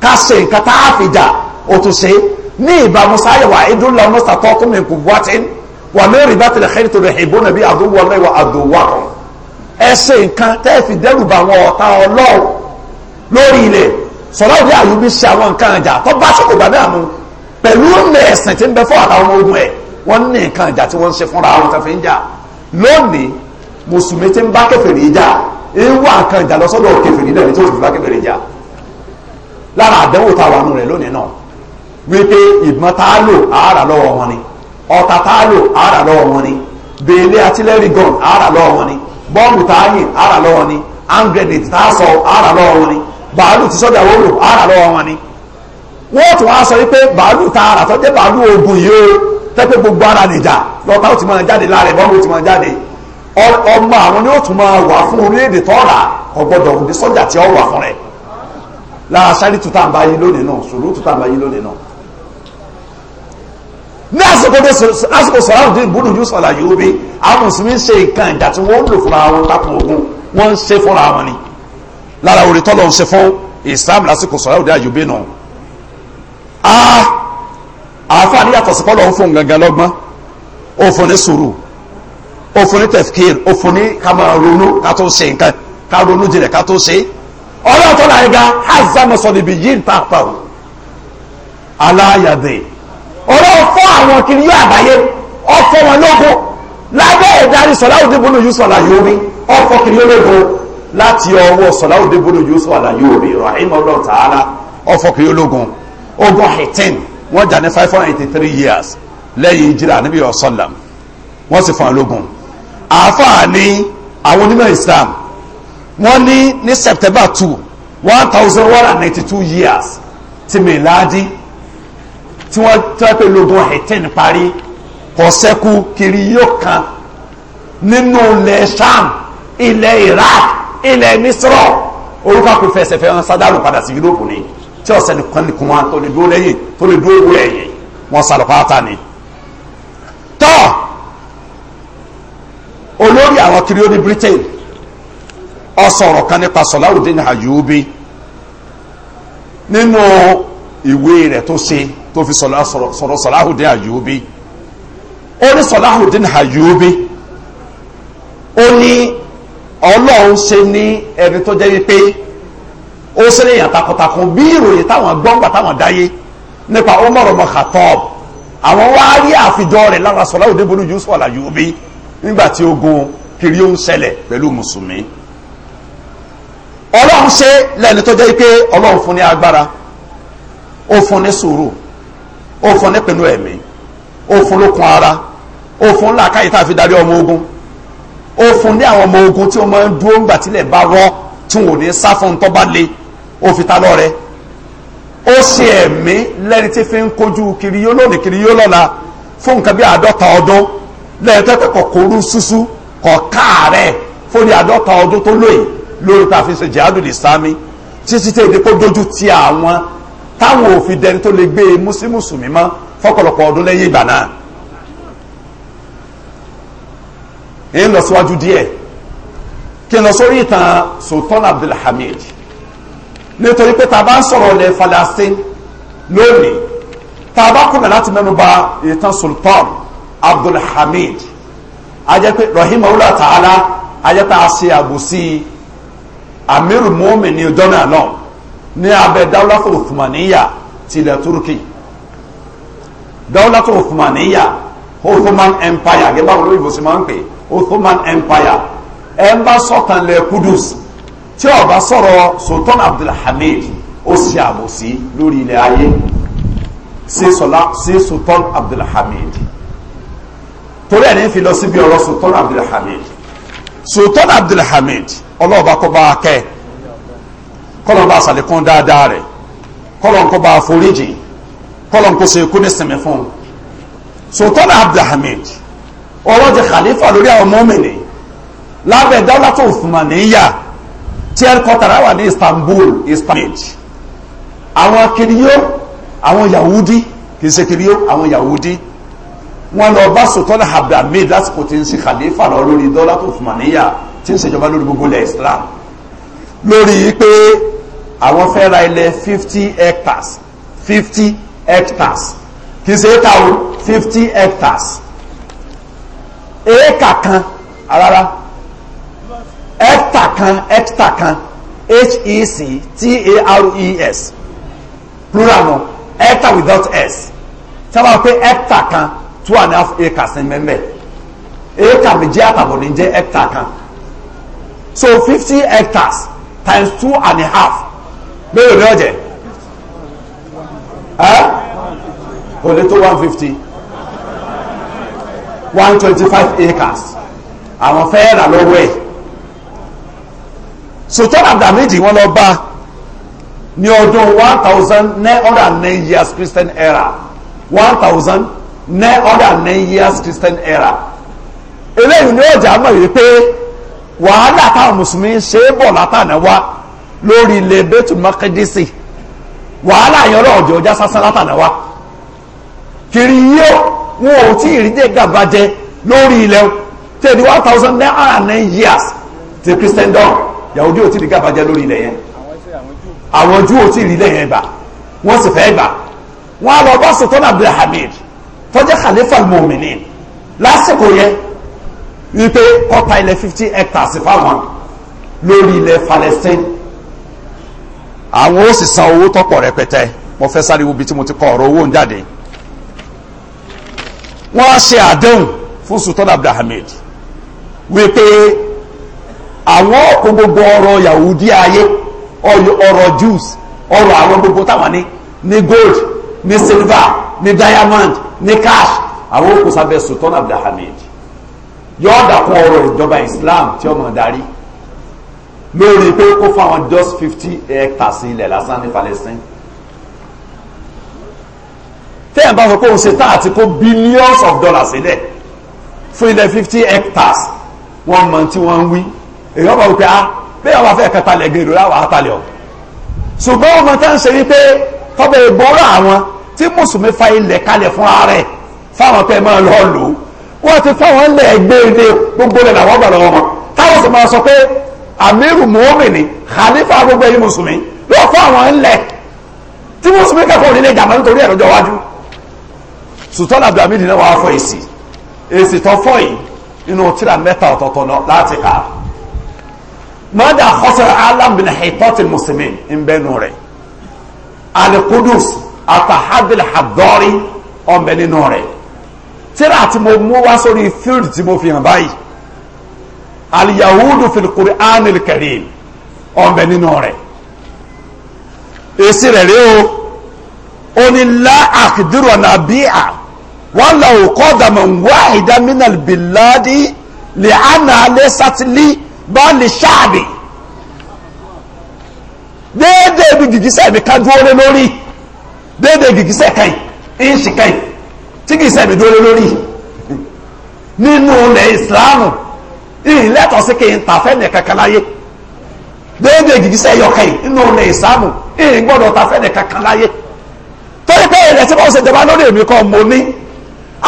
ká ṣe nǹkan tá a fi jà ó tún ṣe ní ìbámu sáyẹ̀wá ìdúnlọ mọ́sà tó kún mi kù wọ́tí wà mẹ́rin bá tilẹ̀ xẹ́rì tó ìbò nàbí àdúwọ̀ mẹ́wàá àdúwọ̀ ẹ ṣe nǹkan tẹ́ẹ̀ fi dẹ́rù bá wọn ọ̀tá ọlọ́ọ̀ lórí ilẹ̀ Sọláwùdí Àyùbí ṣe àwọn nǹkan ìjà tó bá pẹ̀lú ogun ẹ̀ ṣe fúnra wọn ń jà lónìí mùsùlùmí tí ń bá ń wá nǹkan ìjà lọ́sọ́dọ̀ náà ní tó fi bá lára àdánwò tá a wà nù rẹ̀ lónìí náà wípé ìbọn tá a lò àárà ni ọ̀tà tá a wọn ni bèèlè àtìlẹ́rì gan àárà lọ́wọ́ wọn ni tá a yìn àárà lọ́wọ́ wọn ni bàálù ti sọ́dọ̀ àwọn olò ara lọ́wọ́ wọn ni wọ́n tún wá sọ wípé bàálù ta ara tó jẹ́ bàálù ogun yìí o tẹ́pẹ́ gbogbo ara nìjà lọ́ta ó ti máa jáde láàrẹ̀ bọ́ọ̀lù ó ti máa jáde ọmọ àwọn ni ó tún máa wà fún orílẹ̀-èdè tọ́ra ọgbọ́dọ̀ òde sọ́jà tí ó wà fún rẹ̀ lára sáré tuta ń bá yí lónìí náà sòrò tuta ń bá yí lónìí náà ní àsìkò sọ̀rọ̀dín búrú yusuf alayobi àwọn mùsùlùmí ń ṣe nǹkan ìjà tí wọ́n ń lò fúnra wọn lápò ogun wọ́n ń ṣe fúnra wọn ni lára orí tọ́lọ̀ ń ṣe fún islam lásìkò sọ̀rọ̀ òde àyùbí nù. a àáfàá yàtọ̀ sí pọ́lọ̀ ń fún gangan lọ́gbọ́n ó fún ní sùúrù ó fún ní tefkir ó fún ní ká máa ronú ká tó ṣe nǹkan ká ronú jinlẹ̀ ká tó ṣe ọlọ́run tọ́lọ̀ àyíká hazama sọ̀dìbì yìí ń tàpá o aláyàdè ọlọ́run fọ́ àwọn kiri yóò àbáyé ọ̀fọ́ wọn lógo lábẹ́ ìdarí sọ̀rọ̀ àwùjọ ìbùnú yusuf alayori ọ̀fọ́ kiri yóò lógo láti ọwọ́ sọ̀láwòdé bọ́dọ̀ Yusuf àlàyé òbí rahim ọlọ́run tààlà ọfọkì ológun ogun hitin wọ́n jà ní five hundred eighty three years lẹ́yìn ìjìrà níbi ọ̀sọ́làm wọ́n sì fún ológun àáfàá ní àwọn onímọ̀ Islam wọ́n ní ní September two one thousand one ninety two years ti mìláàdí tí wọ́n tẹ́pẹ́ ológun hitin parí kọ̀ọ́sẹ́kù kiri yóò kan nínú ilẹ̀ Sham ilẹ̀ Iraq ilẹ̀ misrọ̀ orúkọ kò fẹsẹ̀ fẹ́ wọn sádàrù padà sí ni tí ọ̀sẹ̀ nìkan o wọn tó lè dúró lẹ́yìn tó lè dúró wọ ẹ̀yìn wọn pátá ni. tọ́ olórí àwọn kiri ó ní Britain ó sọ̀rọ̀ kan nípa Sọláwùdín Àyùbí nínú ìwé rẹ̀ tó ṣe tó fi sọ̀rọ̀ Sọláwùdín Àyùbí ó ní Àyùbí ó ní. ọlọ́run ṣe ní ẹni tó jẹ́ wípé ó ṣe ní èèyàn takuntakun bí ìròyìn táwọn gbọ́ngbà táwọn dáyé nípa Umar ọmọ Khattab àwọn wá rí àfijọ́ rẹ̀ lára sọ̀rọ̀ òde bonú Yusuf Al-Ayyubi nígbà tí ogun kiri ó ń ṣẹlẹ̀ pẹ̀lú mùsùlùmí ọlọ́run ṣe lẹ́ni tó jẹ́ wípé ọlọ́run fún ní agbára ó fún ní sùúrù ó fún ní pinnu ẹ̀mí ó fún lókun ara ó fún làákàyè tá a fi darí ọmọ ogun ó fún ní àwọn ọmọ ogun tí wọ́n máa ń dúró ńgbà tílẹ̀ bá rọ́ tí wọn ò ní sá fún tó bá le ó fi ta lọ́rẹ ó ṣe ẹ̀mí lẹ́ni tí fi ń kojú kiri yóò lónìí kiri yóò lọ́la fún nǹkan bí àádọ́ta ọdún lẹ́yìn tó kọ̀ kóró ṣúṣú kọ̀ káàárẹ̀ fún ní àádọ́ta ọdún tó lóye lórí tá a fi ṣe jihadu lìsámi títí tí èdè kó dojú ti àwọn táwọn òfin dẹni tó lè gbé e mọ́ fọ́kọ̀lọpọ̀ ọdún lẹ́yìn ìgbà náà ń lọ síwájú díẹ̀ kí n lọ sórí ìtàn Sultan Abdulhamid nítorí pé ta bá ń sọ̀rọ̀ ilẹ̀ Falastin lónìí ta bá kùnà láti mẹ́nu bà ìtàn Sultan Abdulhamid ajẹ́pẹ́ rahimahullah ta'ala ajẹ́pẹ́ àṣẹ àbòsí amiru muhammed ní ọjọ́ náà náà ní abẹ́ dáwọ́látò òfùmàníyà tilẹ̀ Turkey dáwọ́látò òfùmàníyà Ottoman Empire gẹ́gbà wọlé ìbòsí máa ń pè é Ottoman Empire ẹ̀ ń bá Kudus tí ó bá Sultan Abdulhamid ó sì àbòsí lórí ilẹ̀ ayé sí Sultan Abdulhamid torí ẹ̀ ní fi lọ síbi ọ̀rọ̀ Sultan Abdulhamid Sultan Abdulhamid ọlọ́ọ̀bá kọ́ bá kẹ́ kọ́lọ́n bá sàlékún dáadáa rẹ̀ kọ́lọ́n kọ́ bá foríjì kọ́lọ́n kó ṣe kú ní sinmi Sultan Abdulhamid ọ̀rọ̀ ti khalifa lórí àwọn mọ́mìnì lábẹ́ dawlatu Uthmaniyya tí ẹ kọ́ tara wà ní Istanbul Istanbul àwọn kiriyó àwọn Yahudi kì í ṣe kiriyó àwọn Yahudi wọn lọ bá sọtọ́lá abdulhamid lásìkò tí ń ṣe khalifa lọ lórí dawlatu Uthmaniyya tí ń ṣèjọba lórí gbogbo ilẹ̀ Islam lórí pé àwọn fẹ́ ra ilẹ̀ fifty hectares fifty hectares kì í ṣe é ta o fifty hectares éékà kan rárá hectare kan hectare kan h-e-c-t-a-r-e-s plural no. hectare without s sábà pé hectare kan two and a half acres ní mẹ́mẹ́ éékà méjì àtàbọ̀ ní jẹ́ hectare kan so fifty hectares times two and a half bẹ́ẹ̀ ni ọ̀jẹ̀ ẹ́ kò lè tó one fifty one twenty five acres àwọn fẹ́ rà lọ́wọ́ ẹ̀ sultan abdulhamid wọ́n lọ bá ní ọdún one thousand nine hundred years christian era one thousand nine hundred years christian era eléyìí ni ọjà mọ̀ wípé wàhálà táwọn mùsùlùmí ṣe é bọ̀ látànà wá lórí ilẹ̀ bẹ́tù mọ́kẹ́dẹ́sì wàhálà yẹn lọ́ọ̀dẹ̀ ọjà sásán látànà kiri yíò wọn ò tí ì rí jẹ́ gàbàjẹ́ lórí ilẹ̀ tẹ̀lé one thousand nine hundred nine years ti christendom yahudi ò tí ì rí gàbàjẹ́ lórí ilẹ̀ yẹn àwọn jù ò tí ì rí ilẹ̀ yẹn gbà wọ́n sì fẹ́ gbà wọ́n á lọ bá sultan abdulhamid tó jẹ́ khalifa mọ̀mìnì lásìkò yẹn wípé kọ́ta ilẹ̀ fifty hectares fáwọn lórí ilẹ̀ Palestine àwọn ó sì san owó tọ́pọ̀ rẹpẹtẹ mo fẹ́ sáré wo bí tí mo ti kọ ọ̀rọ̀ owó ń jáde wọ́n á ṣe àdéhùn fún Sultan Abdulhamid wípé àwọn kó gbogbo ọrọ̀ Yahudi ayé ọrọ̀ Jews ọrọ̀ àwọn gbogbo táwọn ní ní gold ní silver ní diamond ní cash àwọn kó sábẹ́ Sultan Abdulhamid yóò dàkún ọrọ̀ ìjọba Islam tí ó máa darí lórí pé kó fáwọn just fifty hectares ilẹ̀ lásán ní Palestine téèyàn bá sọ pé òun ṣe tá àti kó billions of dollars sílẹ̀ fún ilẹ̀ fifty hectares wọ́n mọ̀ tí wọ́n ń wí èèyàn bá wò pé ah bẹ́ẹ̀ wọ́n bá fẹ́ kẹta lẹ̀ gèrò láwọn àtàlẹ̀ ọ̀ ṣùgbọ́n ọmọ tá ń ṣe wípé tọ́bẹ̀ ìgbọ́rọ̀ àwọn tí mùsùlùmí fa ilẹ̀ kalẹ̀ fún ààrẹ fáwọn pẹ́ máa lọ lò ó wọ́n ti fáwọn ilẹ̀ gbére gbogbo rẹ̀ làwọn gbà lọ́wọ́ wọn táwọn sì máa sọ pé amiru muhammed khalifa gbogbo ẹ̀yin mùsùlùmí lọ́ọ́ fáwọn ilẹ̀ tí mùsùlùmí kẹ́kọ̀ọ́ nílé ìjàmbá nítorí ẹ̀ lọ́jọ́ iwájú sultan abdulhamid náà wàá fọ èsì èsì tó fọ yìí inú tíra mẹ́ta ọ̀tọ̀ọ̀tọ̀ náà láti kà á mọ́dà kọ́sẹ̀rẹ̀ alámbìn hìtọ́tì mùsùlùmí ń bẹ́nu rẹ̀ alikudus atahabil hadori ọ̀nbẹ nínú rẹ̀ tíra tí mo mú wá sórí field tí mo fi hàn báyìí aliyahudu fil qur'anil karim ọ̀nbẹ nínú rẹ̀ èsì rẹ̀ rí o onílà àkìdúrọ̀ nàbíà wọ́n lọ òkọ́ ọ̀dàmọ̀ wá ìdámínà bìláàdì lè ánà alẹ́ sátìlì bá lè ṣáàbì déédé ibi gìgísẹ̀ mi ká dúró lé lórí déédé gìgísẹ̀ kan ìṣì kan tí gìgísẹ̀ mi dúró lé lórí nínú ilẹ̀ ìsìláàmù ìlẹ́tọ̀ sí kí n tàfẹ́ nìkan kan láyé déédé gìgísẹ̀ yọkàn nínú ilẹ̀ ìsìláàmù ìgbọ́dọ̀ tàfẹ́ nìkan kan láyé torí pé ilẹ̀ tí wọ́n lórí èmi kan mo ní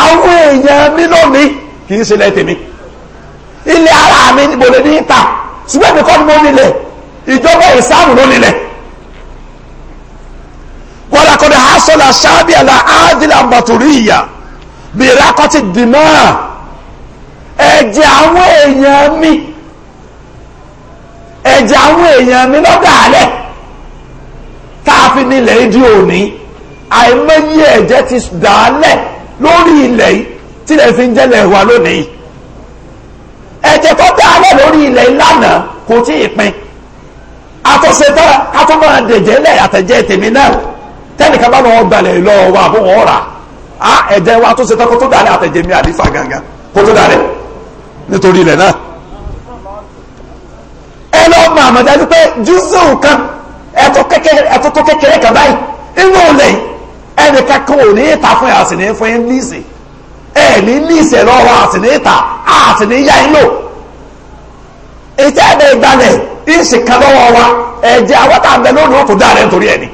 àwọn èèyàn mi ni kì í ṣe ilẹ̀ tèmi ilé ara mi níbo lè ní ta ṣùgbọ́n mi kọ́ ni mo nílẹ̀ ìjọba ìsáàmù ló nílẹ̀ kọ́lákọ́lá hasọ́lá sábíàlá ádìlà mọ̀tòríyà bìrákọ́tì dìmọ́ ẹ̀jẹ̀ àwọn èèyàn mi ẹ̀jẹ̀ àwọn èèyàn mi lọ́dà alẹ́ tá a fi nílẹ̀ ìdí òní àìmọye ẹ̀jẹ̀ ti dà lórí ilẹ̀ yìí tí lè fi ń jẹ́lẹ̀ wà lónìí ẹ̀jẹ̀ tó dá lórí ilẹ̀ lánàá kò tí ì pin àtọ̀sẹ̀tọ̀ kátọ́mọ́ dẹ̀jẹ̀ àtẹ̀jẹ̀ tèmi náà tẹ́nìkan bá lọ́wọ́ gbalẹ̀ lọ́wọ́ wa fún wọn á ẹ̀jẹ̀ wa tó ṣetán kó tó dálẹ̀ àtẹ̀jẹ̀ mi àlífà gangan kó tó dálẹ̀ nítorí ilẹ̀ náà ẹ lọ́ mọ àmọ̀dájú pé júùsù kan ẹ̀tọ́ kékeré kan inú ilẹ̀ ẹnì kankan ò ní ta fún yà sí ní fún yín líìsì ẹ ní líìsì lọ́wọ́ àti ní ta àti ní yá yín lò ètò ẹ̀dẹ̀ ìgbàlẹ̀ ìṣì kan lọ́wọ́ wa ẹ̀jẹ̀ àwọn tá lónìí ó tún dá rẹ̀ nítorí ẹ̀ ni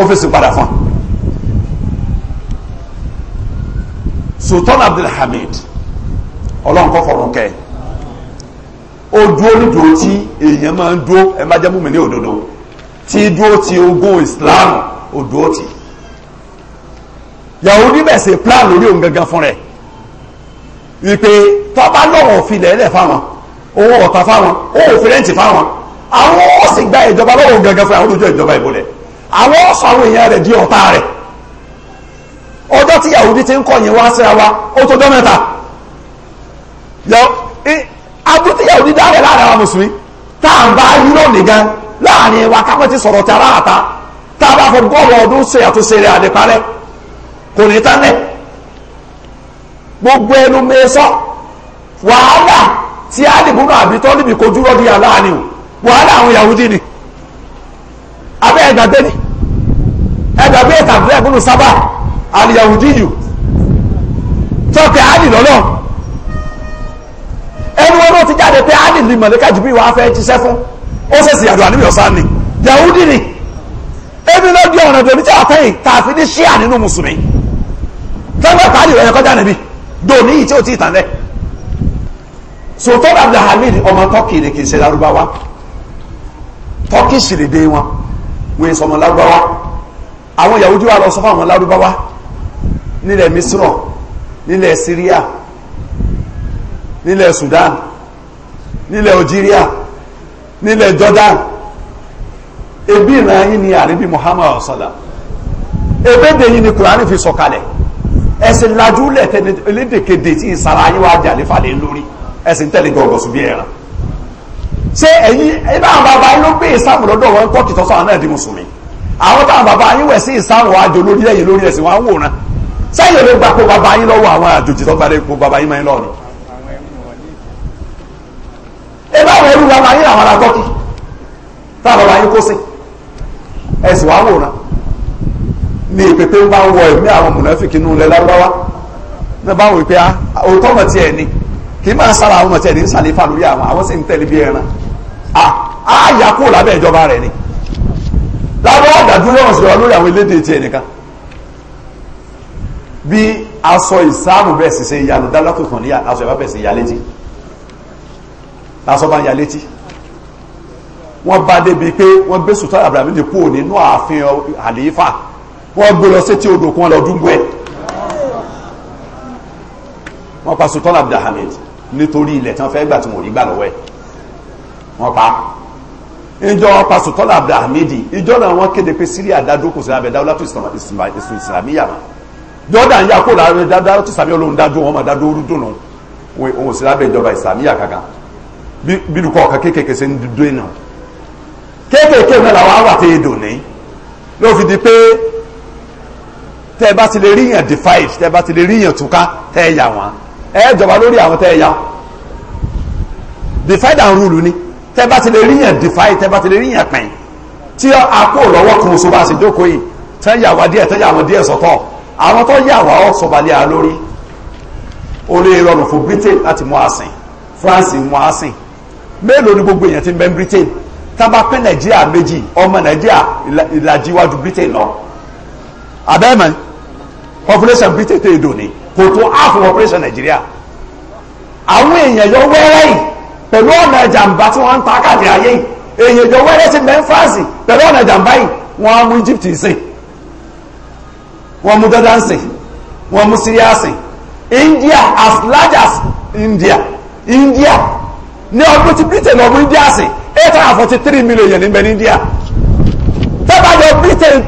ọ́fíìsì padà fún un. Sultan Abdulhamid ọlọ́run kọ́ fọ̀rọ̀ kẹ́ ó dúró nídòó tí èèyàn máa ń dúró ẹ má jẹ́ múmi ní òdodo tí dúró ti ogún islam ò dúró ti yahudi bẹ̀ ṣe plan lórí òun gangan fún rẹ̀ wípé tọ́ba lọ́wọ́ filẹ̀ lẹ̀ fáwọn owó ọ̀tá fáwọn owó fìrẹ́ǹtì fáwọn àwọn ó sì gba ìjọba lọ́wọ́ gangan fún àwọn olùjọ ìjọba ìbò rẹ̀ àwọn ó àwọn èèyàn rẹ̀ di ọ̀tá rẹ̀ ọjọ́ tí yahudi ti ń kọ̀yìn wá síra wa ó tó dán mẹ́ta aburú tí yahudi dá rẹ̀ láàrin àwọn mùsùlùmí tá à ń bá yúrò nìgan láàrin wa ti sọ̀rọ̀ tara àta tá a bá fọ gọ́ọ̀lù ọdún ṣe àtúnṣe àdìparẹ́ kò ní gbogbo ẹnu wàhálà tí alìbùnú àbítọ́ níbi kojú o wàhálà àwọn Yahudi ni abẹ́ ẹ̀dàgbé ni ẹ̀dàgbé tàbí ẹ̀bùnú sábà alìyahudi yìí tọ́kẹ́ lọ́lọ́ ó sẹ̀sì àdó àníbi ọ̀sán ni yahudi ni ebi ló di ọ̀nà dòní tí a fẹ́ yìí tààfi ní ṣíà nínú mùsùlùmí fẹ́fẹ́ pàálí rẹ̀ kọjá níbi dòní yìí tí ó ti ìtàn lẹ̀ Sultan Abdulhamid ọmọ tọ́kì ni kì í ṣe lárúbáwá tọ́kì ṣìlèdè wọn wọn èso ọmọ lárúbáwá àwọn yahudi wa lọ sọ fún àwọn lárúbáwá nílẹ̀ misrọ̀ nílẹ̀ syria nílẹ̀ sudan nílẹ̀ algeria nílẹ̀ Jordan ebi ìran yín ni àríbí Muhammad ọ̀sọ́lá ebédè yín ni Kùránì fi sọ̀kalẹ̀ ẹ̀sìn lajúlẹ̀ tẹni elédèkéde tí ìsara yín wá jà nífàlẹ̀ lórí ẹ̀sìn tẹ̀lé gọ̀ọ̀gọ̀ sùn bí ẹran ṣé ẹ̀yin ibà àwọn bàbá ló gbé ìsàmù lọ́dọ̀ wọn tọ́kì tọ́sọ̀ àwọn náà di mùsùlùmí àwọn táwọn bàbá yín wẹ̀ sí ìsàmù àjò lórí ẹ̀yìn lórí ẹ̀sìn wọn ẹ bá àwọn ẹrú bàbá yín àwọn ará tọ́kì tá a bàbá kó sí ẹ sì wá ní ìpèpè ń bá ń wọ ẹ̀mí àwọn mùnàfíkì nù lẹ lárúbáwá náà bá wò pé ah, òótọ́ ọmọ tiẹ̀ ni kì í máa sára àwọn ọmọ tiẹ̀ ní ń sàlífà lórí àwọn àwọn sì ń tẹ̀lé bí ẹran ah, á yà kó lábẹ́ ìjọba rẹ̀ ni lábọ́ àdàdúró ọ̀hún sí wa lórí àwọn elédè tiẹ̀ nìkan bí aṣọ ìsáàmù bẹ́ẹ̀ sì ṣe ìyanu dá látòkàn ní lásán bá ń ya létí wọ́n bá débi pé wọ́n gbé sultan abdulhamid kúrò nínú ààfin àlééfà wọ́n gbé lọ sétí odò kan lọ dúngbò ẹ̀ wọ́n pa sultan abdulhamid nítorí ilẹ̀ tí wọ́n fẹ́ gbà tí wọ́n rí gbà lọ́wọ́ ẹ̀ wọ́n pa ìjọ pa sultan abdulhamid ìjọ náà wọ́n kéde pé síríà dádó kò sí abẹ́ dáwọ́látò ìsìlámíyà mọ́ jọ́dá ń yà kó láàrin dáadáa tó sàmì olóhun dájú wọn máa dájú orúdùn náà òun sì lábẹ́ ìjọba ìsàmíyà kankan bílù kọ̀ọ̀kan kéékèèké ṣe ń dúdú èèyàn kéékèèké náà làwọn àwọn àti èdò ní ló fi di pé tẹ́ ẹ bá ti lè rí yàn defied tẹ́ ẹ bá ti lè rí yàn túká tẹ́ ẹ yà wọ́n ẹ jọba lórí àwọn ya ẹ yà defied and rule ni tẹ́ ẹ ti lè rí yàn defied tẹ́ ẹ ti lè rí yàn pẹ̀yìn tí a kó lọ́wọ́ kan oṣù bá ṣe jókòó yìí tẹ́ yà wá díẹ̀ tẹ́ yà wọ́n díẹ̀ sọ́tọ̀ àwọn tó yà wá ọ́ sọ̀balẹ̀ à lórí orí rọrùn fún Britain láti mú àsìn France mú àsìn mélòó ni gbogbo èèyàn ti ń bẹ Britain tábà pé Nàìjíríà méjì ọmọ Nàìjíríà ìlàjì iwájú Britain lọ abẹ́mọ̀ population Britain tó èdò ni kò tó half population Nàìjíríà àwọn èèyàn yọ wẹ́rẹ́ yìí pẹ̀lú ọ̀nà ìjàmbá tí wọ́n ń ta káàkiri ayé yìí èèyàn yọ wẹ́rẹ́ sí mẹ́ France pẹ̀lú ọ̀nà ìjàmbá yìí wọ́n á mú Egypt sìn wọ́n mú dandan sìn wọ́n mú Syria sìn India as large as India India ní ọdún tí britain ọdún india sí eight hundred forty three million yẹn níbẹ̀ ní india tẹ́bàjọ britain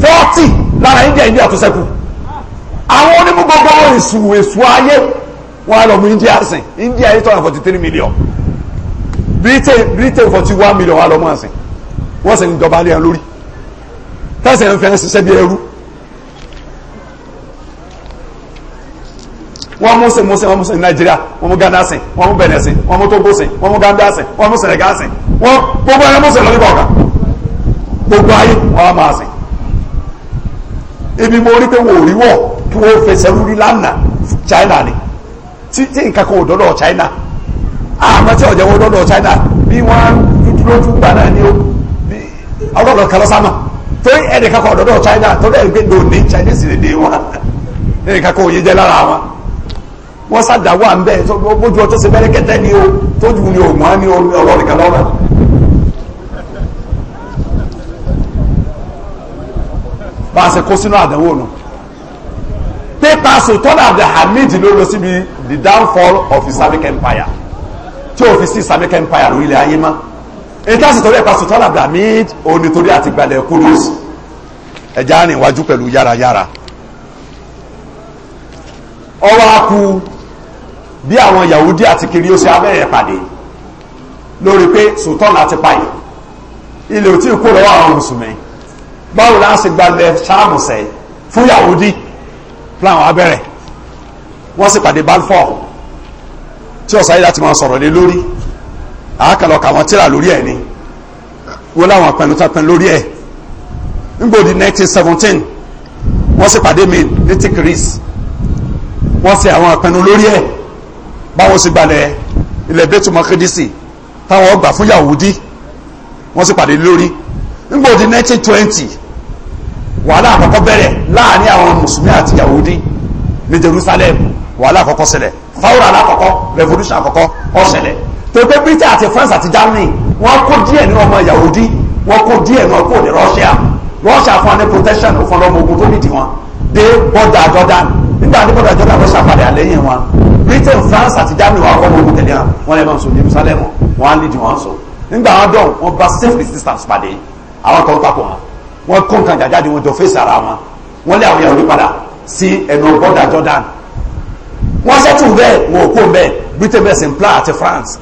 forty lára india india tó sẹ́kù àwọn onímú gbogbo èsù èsù ayé wọn lọ mú india sí india eight hundred and forty three million britain britain forty one million wọn lọ mú àsìn wọ́n sì ń jọba lé ẹ lórí tẹ́sán ń fẹ́ ṣiṣẹ́ bí ẹrú wọ́n mú sin mú sin wọ́n mú sin nàìjíríà wọ́n mú ghana sin wọ́n mú benin sin wọ́n mú togo sin wọ́n mú gambia sin wọ́n mú senegal sin wọ́n gbogbo ẹ̀rọ mú sin lórí kọ̀ọ̀kan gbogbo ayé wọ́n á máa sin. ibi mo rí pé wò rí wọ̀ kí wọ́n fẹsẹ̀ rúrí lánàá china ni tí tí nǹkan kan ò dọ́dọ̀ china àmọ́ tí ọ̀jẹ̀ wọn dọ́dọ̀ china bí wọ́n dúdú lójú gbà náà ni ó ọlọ́dọ̀ kan lọ́sàmà torí ẹnìkan kan ọ̀dọ́dọ̀ china torí ẹ̀ ń gbé ní òní chinese lè dé wọn ẹnìkan kan ò yé jẹ́ lára wọn wọ́n sàdáwà ń bẹ́ bójú ọtọ́ sí bẹ́rẹ́kẹ́tẹ́ ni ó tójú ni ògùn á ní ọ̀rọ̀ nìkan lọ́rọ̀ bá a ṣe kó sínú àdánwò nù pépà sultan abdulhamid ló lọ síbi the downfall of islamic empire tí ó fi sí islamic empire lórílẹ̀ ayé mọ́ èyí tá a sì torí ẹ̀pà sultan abdulhamid òun nítorí àti gbalẹ̀ kúrúsì ẹ̀já rìn wájú pẹ̀lú yárayára ọwọ́ akú bí àwọn Yahudi àti kiri ó ṣe abẹ́rẹ́ pàdé lórí pé sòtọ́ láti payẹ̀ ilẹ̀ òtí kó lọ́wọ́ àwọn mùsùlùmí báwo la ṣe gbalẹ̀ ṣáàmùsẹ̀ fún Yahudi láwọn abẹ́rẹ́ wọ́n sì pàdé Balfour tí ọ̀sán yìí láti máa sọ̀rọ̀ lé lórí àákàlọ́kà àwọn tíra lórí ẹ̀ ni wọ́n láwọn pẹnutapẹn lórí ẹ̀ ngbòdì 1917 wọ́n sì pàdé mi ní tikris wọ́n sì àwọn àpẹnu lórí ẹ̀ báwọn sì gbalẹ̀ ilẹ̀ Bẹ́tù Mọ́kídísì táwọn ọgbà fún Yahudi wọ́n sì pàdé lórí nígbà di 1920 wàhálà àkọ́kọ́ bẹ̀rẹ̀ láàrin àwọn mùsùlùmí àti Yahudi ní Jerusalem wàhálà àkọ́kọ́ ṣẹlẹ̀ fáwọn alákọ̀ọ́kọ́ revolution àkọ́kọ́ ó tó pé Britain àti France àti Germany wọ́n kó díẹ̀ ní ọmọ Yahudi wọ́n kó díẹ̀ ní ọkọ̀ ní Russia Russia fún wọn protection fún ọmọ ogun tó nídìí wọn dé bọ́dà Jordan nígbà ní bọ́dà Jordan Russia padà lẹ́yìn wọn britain france àti germany wà kọ́ gbogbo tẹ̀lé hàn wọ́n lè máa sọ jerusalem wọ́n á lè jù wọ́n sọ nígbà wọn dọ̀ wọ́n bá safe resistance pàdé àwọn kan papọ̀ wọn wọ́n kó nǹkan jàjáde wọn jọ fèsì ara wọn wọ́n lé àwọn yahoo padà sí ẹnu bọ́dà jordan wọ́n ṣẹ́tù bẹ́ẹ̀ wọn ò kó bẹ́ẹ̀ britain bẹ́ẹ̀ sì ń plan àti france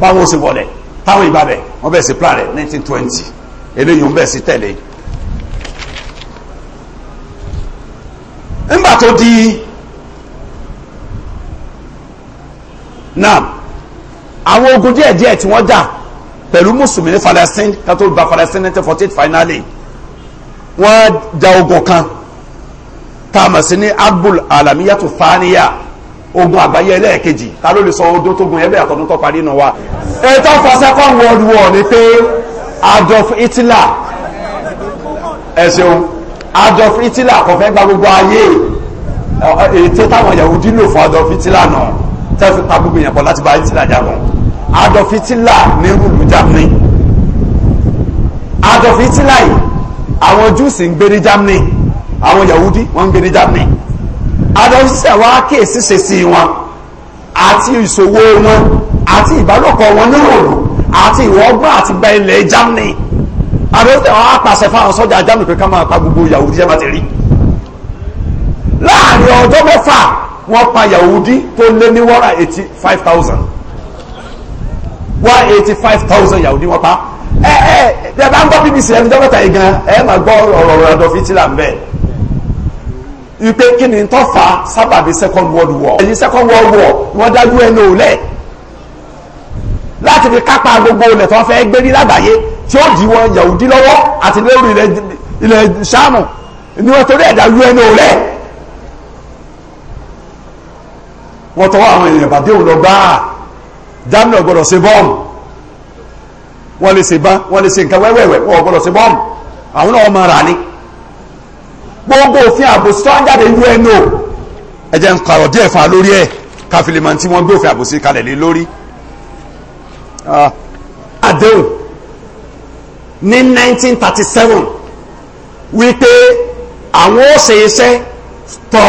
báwọn ò sì wọlé táwọn ìbá bẹ̀ wọ́n bẹ̀ẹ̀ sí plan rẹ̀ 1920 eléyìí ń bẹ̀ẹ̀ sí tẹ̀lé ńgbà tó di náà àwọn ogun díẹ̀ díẹ̀ tí wọ́n jà pẹ̀lú mùsùlùmí ní Falastin kátó gba Falastin nineteen forty eight finally wọ́n jà ogun kan tá a mọ̀ sí ní abul alamiyatu faniya ogun àgbáyé ẹlẹ́ẹ̀kejì ta ló lè sọ odó tó gun ẹgbẹ́ àtọ́dún tó parí inú wa. ètò second world war ni pé Adolf Hitler ẹ ṣeun Adolf Hitler kò fẹ́ gba gbogbo ayé ètò táwọn Yahudi lò fún Adolf Hitler náà tẹ́ fi pa gbogbo èèyàn pọ̀ láti bá hitler jagun adolf hitler ní rúlù germany adolf hitler yìí àwọn júùsì ń gbé ní germany àwọn yahudi wọ́n ń gbé ní germany adolf hitler wá kíyèsí ṣèṣì wọn àti ìṣòwò wọn àti ìbálòpọ̀ wọn ní rúlù àti ìwọ́gbọ́n àti gba ilẹ̀ germany adolf hitler wá pàṣẹ fáwọn sọ́jà germany pé ká máa pa gbogbo yahudi jẹ́ bá ti rí láàrin ọjọ́ mẹ́fà wọ́n pa yahudi tó lé ní wọ́rà 85,000 185,000 yahudi wọ́n pa ẹ ẹ ẹ bá ń gbọ́ bbc ẹni dọ́kítà igan ẹ máa gbọ́ ọ̀rọ̀ ọ̀rọ̀ ọ̀dọ̀ fìtìlà ń bẹ̀ wípé kí ni tó fa sábàbí second world war ẹ̀yìn second world war wọ́n dájú ẹnu òlẹ̀ láti fi kápá gbogbo olè tó fẹ́ gbé ní lágbàáyé tí ó dìwọ́ yahudi lọ́wọ́ àti lórí ilẹ̀ sáàmù ni wọ́n torí ẹ̀dá un olẹ̀ wọ́n tọwọ́ àwọn èèyàn bàdé òun lọ bá a germany ọ̀gbọ́dọ̀ ṣe bọ́ọ̀mù wọ́n lè ṣe bá wọ́n lè ṣe nǹkan wẹ́wẹ́wẹ́ wọ́n ọ̀gbọ́dọ̀ ṣe bọ́ọ̀mù àwọn náà máa rà ní. gbogbo òfin ààbò sọ́ńdàdé uno ẹ jẹ́ ń kọ̀rọ̀ díẹ̀ fa lórí ẹ̀ káfílímọ̀ tí wọ́n gbé òfin ààbò sí kalẹ̀ lé lórí. àdéhùn ní 1937 wípé àwọn ó ṣe iṣẹ́ tọ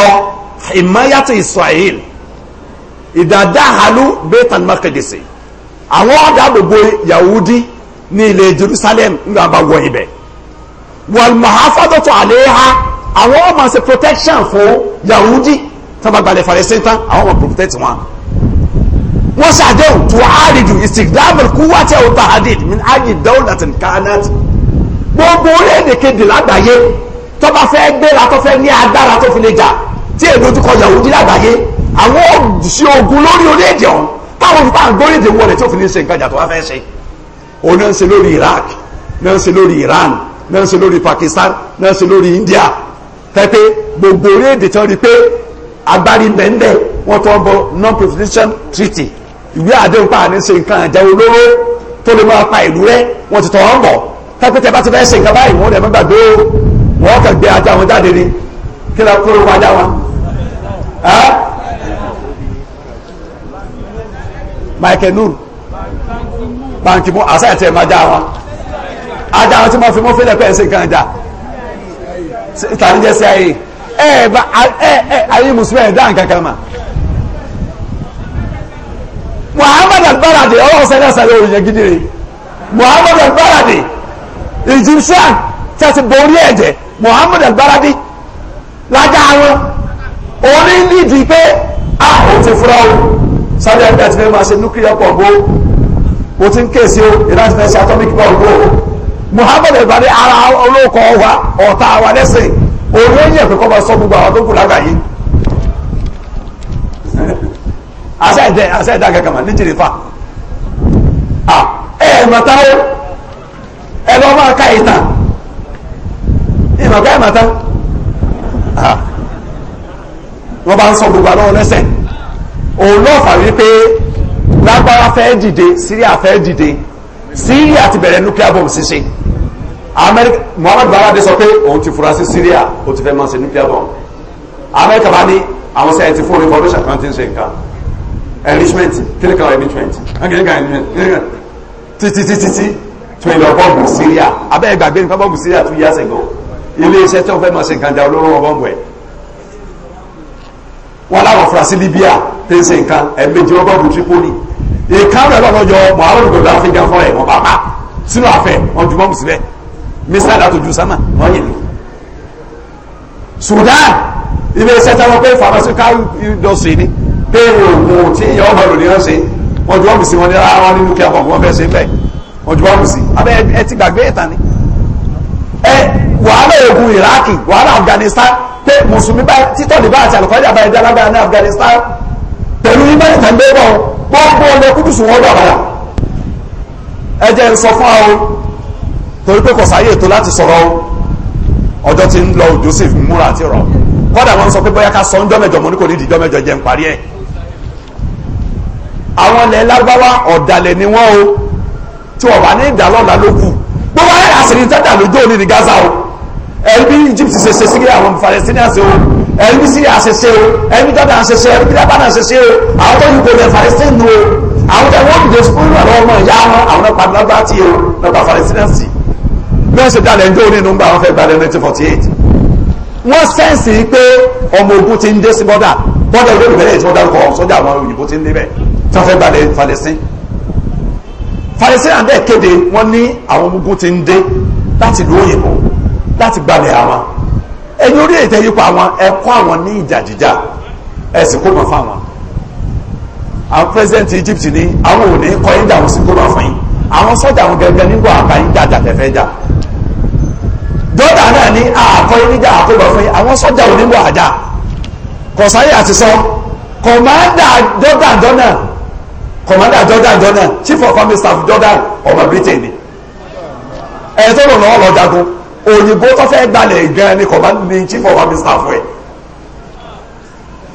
ìmáyàtọ̀ Israel ìdádáhalu bẹ́tàn mọ́kẹ́dẹ́sì àwọn ọ̀dà gbogbo yahudi ní ilẹ̀ jerusalem nígbà bá wọ ibẹ̀ wọ́n mahafadọ́tọ̀ ha àwọn ọmọ protection fún yahudi tán bá gbalẹ̀ fàrẹ́sẹ́ tán àwọn ọmọ protect wọn wọ́n ṣàdéhùn tó àrídù ìsìgbàmù kúwàtí ọ̀tà hadid min ayi dawlatin kanat gbogbo orílẹ̀-èdè kejì lágbàáyé tó fẹ́ gbéra tó fẹ́ ní agbára tó fi lè jà tí èdè ojúkọ yahudi lágbàáyé àwọn ṣe ogun lórí orílẹ̀-èdè ọ̀hún táwọn fi bá ń gbóríde wọlé tí ó fi ní ṣe nǹkan ìjà tó wá fẹ́ ṣe òun náà ń ṣe lórí Iraq náà ń ṣe lórí Iran náà ń ṣe lórí Pakistan náà ń ṣe lórí India tẹ́pẹ́ gbogbo orílẹ̀-èdè tí wọ́n rí pé agbárí bẹ́ńdẹ̀ wọ́n tó ń bọ non-proliferation treaty ìwé àdéhùn pa àní ṣe nǹkan ìjà olóró tó lè máa pa ìlú rẹ wọ́n ti tọ̀ ọ́ ń bọ̀ tẹ́pẹ́ tẹ́ bá ti fẹ́ ṣe nǹkan báyìí wọ́n lè má gbàgbé wọ́n kàn gbé ajá wọn jáde ni kí lóò kúrò wájà wọn. Michael Nur pàǹtìmù àṣà ẹ̀tẹ̀ ẹ̀ máa dá wọn ajá wọn tí wọ́n fi mọ́ fẹ́lẹ̀ pẹ́ ṣe nǹkan ẹ̀dá ìtàníjẹ́ sí ayé ẹ̀ bá ayé mùsùlùmí ẹ̀dá nǹkan kan mà Muhammad al-Baradi ọlọ́run sẹ́ni àṣàlẹ̀ òòyìn ẹ̀gídì rẹ̀ Muhammad al-Baradi Egyptian tẹ̀sí borí ẹ̀jẹ̀ Muhammad al-Baradi lájà wọn òní nídìí pé a ò ti Saudi Arabia ti fẹ́ máa ṣe nuclear pọ̀ bó o ti ń kéèsì o ìlànà ti fẹ́ ṣe atomic pọ̀ bó o Muhammad ibadi ara olóko wa ọ̀tá wa lẹ́sìn òun ó yẹ pé kọ́ máa sọ gbogbo àwọn tó kù lágbàáyé àṣà ìdẹ àṣà ìdá kankan mà níjìrì fa ẹ ẹ màtá o ẹ lọ máa ka ìtàn ìmọ̀ ká ẹ màtá wọ́n bá ń sọ gbogbo àwọn ọlẹ́sẹ̀ òun náà fà wípé lágbára fẹ́ dìde Syria fẹ́ dìde Syria ti bẹ̀rẹ̀ nuclear bomb ṣíṣe Amẹ́ríkà Muhammad Baradé sọ pé òun ti fura sí Syria ó ti fẹ́ máa ṣe nuclear bomb Amẹ́ríkà bá ní àwọn sẹ́yìn ti fún revolution kan ti ń ṣe nǹkan enrichment clinical enrichment clinical enrichment títí títí tí tún ìlọ bọ́ọ̀bù Syria abẹ́ ìgbàgbé nǹkan bọ́ọ̀bù Syria two years ago ilé iṣẹ́ tó fẹ́ máa ṣe nǹkan jà olóró wọn bọ́ọ̀bù ẹ̀ wọn láwọn furasí libya tí ń ṣe nǹkan ẹ̀ẹ̀mejì wọn bá bu tripoli nǹkan rẹ̀ lọ́lọ́yọ muhammadu gaddafi gan fọ́ra ẹ̀ wọ́n bá bá sínú àfẹ́ wọn ju bọ́ọ̀mù sílẹ̀ mísà dàtò ju sánà wọ́n yẹ̀ lé sudan ilé iṣẹ́ táwọn pé pharmaceutical industry ni pé oògùn tí ìyá ọmọ lòdì hàn ṣe wọn ju bọ́ọ̀mù sí wọn ní ara wọn nínú kí akọ̀kọ̀ wọn fẹ́ ṣe bẹ́ẹ̀ wọn ju bọ́ọ̀mù sí abẹ́ ẹ ti gbàgbé ìtàn ni wàhálà ogun iraki wàhálà afghanistan pé mùsùlùmí báyìí títọ́ níbà àti àlùkọ́jà báyìí dálágbára ní afghanistan pẹ̀lú imẹ́rin tàbí ẹgbẹ́ wọn gbogbo ọmọ kúdù sùn wọ́n bà padà ẹ jẹ́ ń sọ fún àwọn torí pé kò sáyé ètò láti sọ̀rọ̀ ọjọ́ tí ń lọ joseph múra àti rọ̀ kọ́dà wọn sọ pé bóyá ká sọ ń jọ́mẹjọ mọ́ ní kò ní ìdí jọ́mẹjọ jẹ́ ń parí ẹ̀ àwọn ilẹ̀ lárúbáwá ọ̀dàlẹ̀ ni wọ́n o tí ọ̀bà ní ìdálọ́lá ló kù gbogbo ayé àṣírí tẹ́tà lójú òní ní gaza o ẹ̀rí Egypt ṣe ṣe síríà àwọn Palestinian ṣe o ẹ̀rí Syria ṣe ṣe o ẹ̀rí Jordan ṣe ṣe ẹ̀rí Lebanon ṣe ṣe o àwọn tó yìí kò Palestine nu o àwọn tó wọ́n dìde fún ìrọ̀lọ́ ọmọ ìyá wọn àwọn náà padà lọ́gbà tí o lọ́gbà Palestinian sí bí wọ́n ṣe dalẹ̀ ń jó nínú nígbà wọn fẹ́ gbalẹ̀ 1948 wọ́n sẹ́ǹsì pé ọmọ ogun ti ń dé sí bọ́dà bọ́dà ìlú ìbẹ̀rẹ̀ tí wọ́n dárúkọ sọ́jà àwọn òyìnbó ti ń débẹ̀ tí wọ́n fẹ́ gbalẹ̀ Palestine Palestine àdẹ́ kéde wọ́n ní àwọn ogun ti ń dé láti ìlú òyìnbó láti gbalẹ̀ àwọn ẹ̀yin orí ètò yípa àwọn ẹ̀kọ́ àwọn ní ìjà jíjà ẹ̀sìn kó mọ̀ fáwọn àwọn president Egypt ní àwọn ò ní kọ́ yín dàwọn sí kó mọ̀ fún yín àwọn sọ́jà àwọn gẹ́gẹ́ nígbà àbá yín jà jàfẹ́fẹ́ jà dọ́là náà ní àkọ́ yín níjà àkóbọ̀ fún yín àwọn sọ́jà ò nígbà àjà kọ̀sáyé àti sọ kọ̀mádà dọ́là dọ́nà commander jordan jordan chief of army staff jordan ọmọ britain ni ẹ tó lọ lọ́wọ́ lọ jagun òyìnbó tó fẹ́ gbalẹ̀ gan ni command ni chief of army staff ẹ̀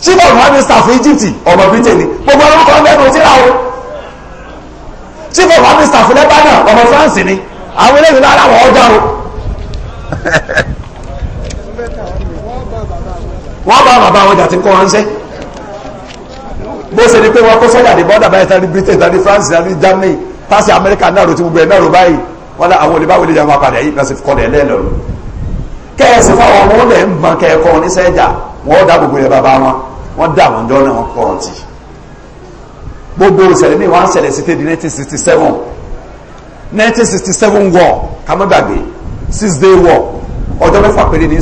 chief of army staff Egypt ọmọ Britain ni gbogbo ọlọ́kọ̀ ọ̀gbẹ́ni òtíra o chief of army staff Lebanon ọmọ France ni àwọn eléyìí lára àwọn ọjà o wọ́n bá bàbá àwọn ọjà tí kọ́ ránṣẹ́ bó ṣe ni pé wọ́n kó sọ́jà ní bọ́dà báyìí tán ní Britain tán ní France tán ní Germany tásì Amẹ́ríkà náà ro ti gbogbo ẹ̀ náà ro báyìí wọn lé àwọn olùbáwò lè jẹ́ wọn padà yìí lọ́sì kọlẹ̀ lẹ́lọ́rù kẹ́ẹ̀sì fáwọn ọmọ olè ń mọ kẹ́ẹ̀kọ́ oníṣẹ́jà wọ́n dá gbogbo yẹn bàbá wọn wọ́n dá àwọn náà gbogbo ìṣẹ̀lẹ̀ mi wọ́n ṣẹlẹ̀ sí 1967 1967 war six day war ọjọ́ mẹ́fà péré ní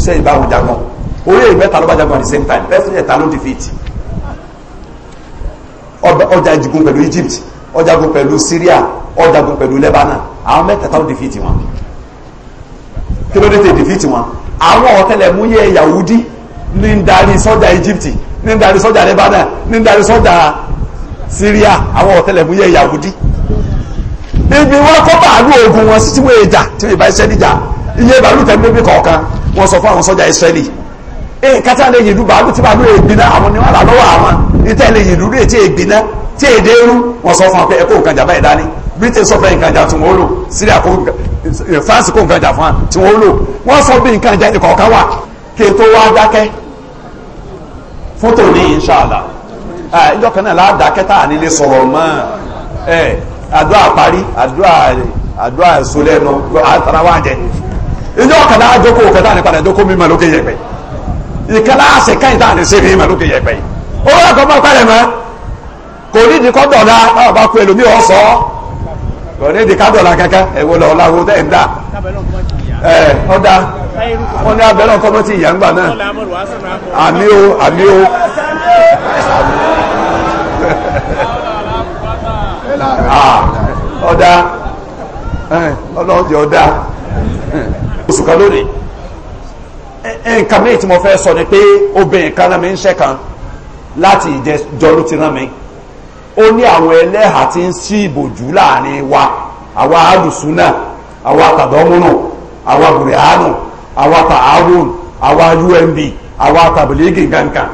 jagun orí èyí mẹ́ta ló bá jagun at the same time ta ló defeat ọjà àwọn mẹ́tẹ̀ẹ̀ta ó dìfìtì wọn kí ló dé tẹ̀ dìfìtì wọn àwọn ọ̀tẹlẹ̀múyẹ́ Yahudi ní darí sọ́jà Egypt ní darí sọ́jà Lebanon ní darí sọ́jà Syria àwọn ọ̀tẹlẹ̀múyẹ́ Yahudi ibi wọn kọ́ bàálù ogun wọn sí tí wọ́n tí ìbá iṣẹ́ níjà iye bàálù tẹ̀lé kọ̀ọ̀kan wọ́n sọ fún àwọn sọ́jà Israeli ee kátà lè bàálù tí bàálù ègbìnà àwọn ni wọn là lọ́wọ́ àwọn tí ègbìnà tí sọ fún britain sọ pé nǹkan ìjà tí wọ́n lò syria kó france kó nǹkan ìjà fún wa tí wọ́n lò wọ́n sọ bí nǹkan ìjà ìkọ̀ọ̀kan wà kí tó wá dákẹ́ fótó ní inṣàlá ìjọ kan náà ládàákẹ́ tá à nílé sọ̀rọ̀ mọ́ ẹ àdúrà parí àdúrà àdúrà èso lẹ́nu àtàrà wá jẹ ìjọ kan náà jókòó kẹta ní padà jókòó mímọ lókè yẹpẹ ìkẹlá àṣẹ káyìn tá à ní sẹ́yìn mímọ lókè yẹpẹ owó àkọ́kọ́ pẹ́rẹ́ mọ́ kò nídìí kọ́ dọ̀dá báwa bá kú ẹlòmíì ọ̀sọ́ ọ̀rẹ́ èdè kádọ̀lá kankan ẹ̀wọ̀ lọ ọ̀làwọ̀ tẹ̀ ń dá ẹ̀ ọ̀dà wọn ní abẹ́rẹ́ ọkọ̀ mọ́tì ìyàngbà náà àmì o àmì o ọ̀dà ọlọ́ọ̀dì ọ̀dà oṣù kan lónìí nǹkan mìíràn tí mo fẹ́ sọ ni pé obìnrin kan rán mi ń ṣẹ́ kan láti ìjẹjọ́ ló ti rán mi ó ní àwọn ẹlẹ́hà tí ń sí ìbòjú láàrin wa àwa alùsùnà àwa tàdọ́múnù àwa bùrẹ́hánù àwa tààrùn àwa umb àwa tàbílẹ́gì gangan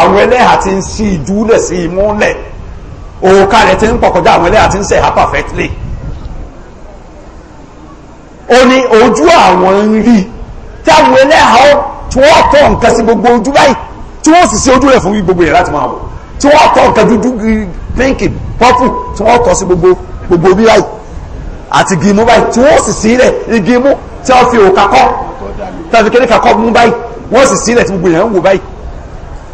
àwọn ẹlẹ́hà tí ń sí ìjúlẹ̀ sí ìmúlẹ̀ òòkà rẹ̀ ti ń pọ̀ kọjá àwọn ẹlẹ́hà tí ń sẹ̀há perfectly ó ní ojú àwọn ń rí tí àwọn ẹlẹ́hà tí wọ́n tọ́ nǹkan sí gbogbo ojú báyìí tí wọ́n sì sí ojú rẹ̀ fún gbogbo yẹn láti máa wò tí wọ́n tọ́ nǹkan dúdú pinki pọ́pù tí wọ́n tọ́ sí gbogbo gbogbo bí báyìí àti igi imú báyìí tí wọ́n sì sílẹ̀ igi imú tí wọ́n fi òkà kọ́ tàbí kéde kakọ́ mú báyìí wọ́n sì sílẹ̀ tí gbogbo èèyàn ń wò báyìí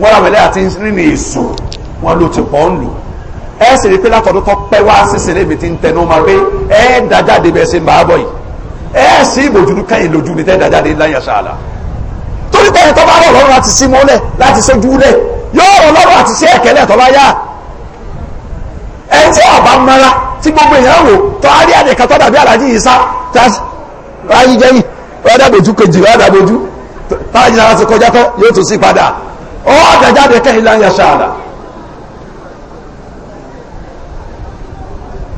wọ́n ra wẹ̀lẹ́ àti nínú èso wọn ló ti pọ̀ ń lò ẹ sì rí pé látọ̀dún tó pẹ́ wá sísè lébi ti ń tẹnu ma pé ẹ dájáde bẹ́ẹ̀ ṣe ń bá a bọ̀ yìí ẹ sì ìbòjú kẹ́yìn lójú ni tẹ́ dájáde ńlá yẹn ṣáàlà torí pé ẹni tó bá rọ̀ lọ́rùn láti sí mọ́lẹ̀ láti ṣojú lẹ̀ yóò rọ̀ lọ́rùn àti sí ẹ̀kẹ́lẹ̀ tó bá yá ẹ tí ọba mara tí gbogbo èèyàn wò tó á rí àdìkan tó dàbí aláàjì yìí sá ráyí jẹ́yìn rádàbòjú kejì rádàbòjú táàjì náà ti kọjá tán yóò tún sí padà ó àgàjáde kẹ́yìn láyà ṣáàlà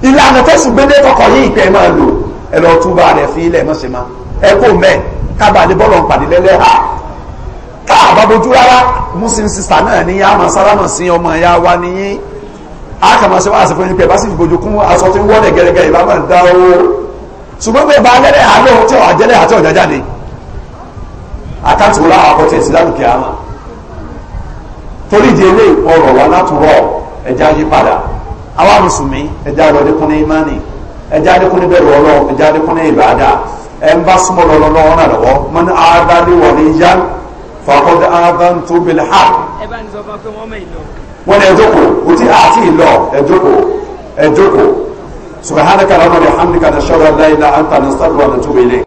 ìlànà tó sì gbélé kọkọ yìí ìpẹ́ máa lò ẹ lọ túbà rẹ̀ fi ilẹ̀ mọ́sẹ̀ máa ẹ kó mẹ́ kábàdé bọ́ọ̀lù pàdé ha. káàbà bojú rárá muslim sister náà ní yá máa sálámà sí ọmọ ìyá wa nìyí àkàmọ̀ sí wàásù fún yín pé bá sì gbòjò kún aṣọ tí ń wọ́lẹ̀ gẹ́gẹ́ ìbá máa ń dá owó ṣùgbọ́n pé bá lẹ́rẹ̀ àlọ́ tí wàá jẹ́lẹ̀ àti ọ̀já jáde àkáǹtì wọn láwọn akọ́tẹ̀ sí lálùkẹ́ àmà torí ìdí ilé ọ̀rọ̀ wa látúrọ̀ ẹja yí padà àwa mùsùlùmí ẹja lọ dínkù ní imani ẹja dínkù ní bẹ̀rù ọlọ́run ẹja dínkù ní ìbàdà ẹ ń bá súnmọ́ lọ lọ́wọ́ náà lọ́wọ́ mọ́ni àádá lè wọ̀ ní yá fàkọ́dá àádá ń tó bẹ̀lẹ̀ ha. ẹ bá ní sọ fún wa pé wọ́n mẹ́yìn lọ wọ́n ní ẹjọ́kọ̀ òtí ah, àti ìlọ ẹjọ́kọ̀ ẹjọ́kọ̀ subhanaka rabbana hamdika nashhadu an la ilaha illa anta nastaghfiruka wa natubu ilayk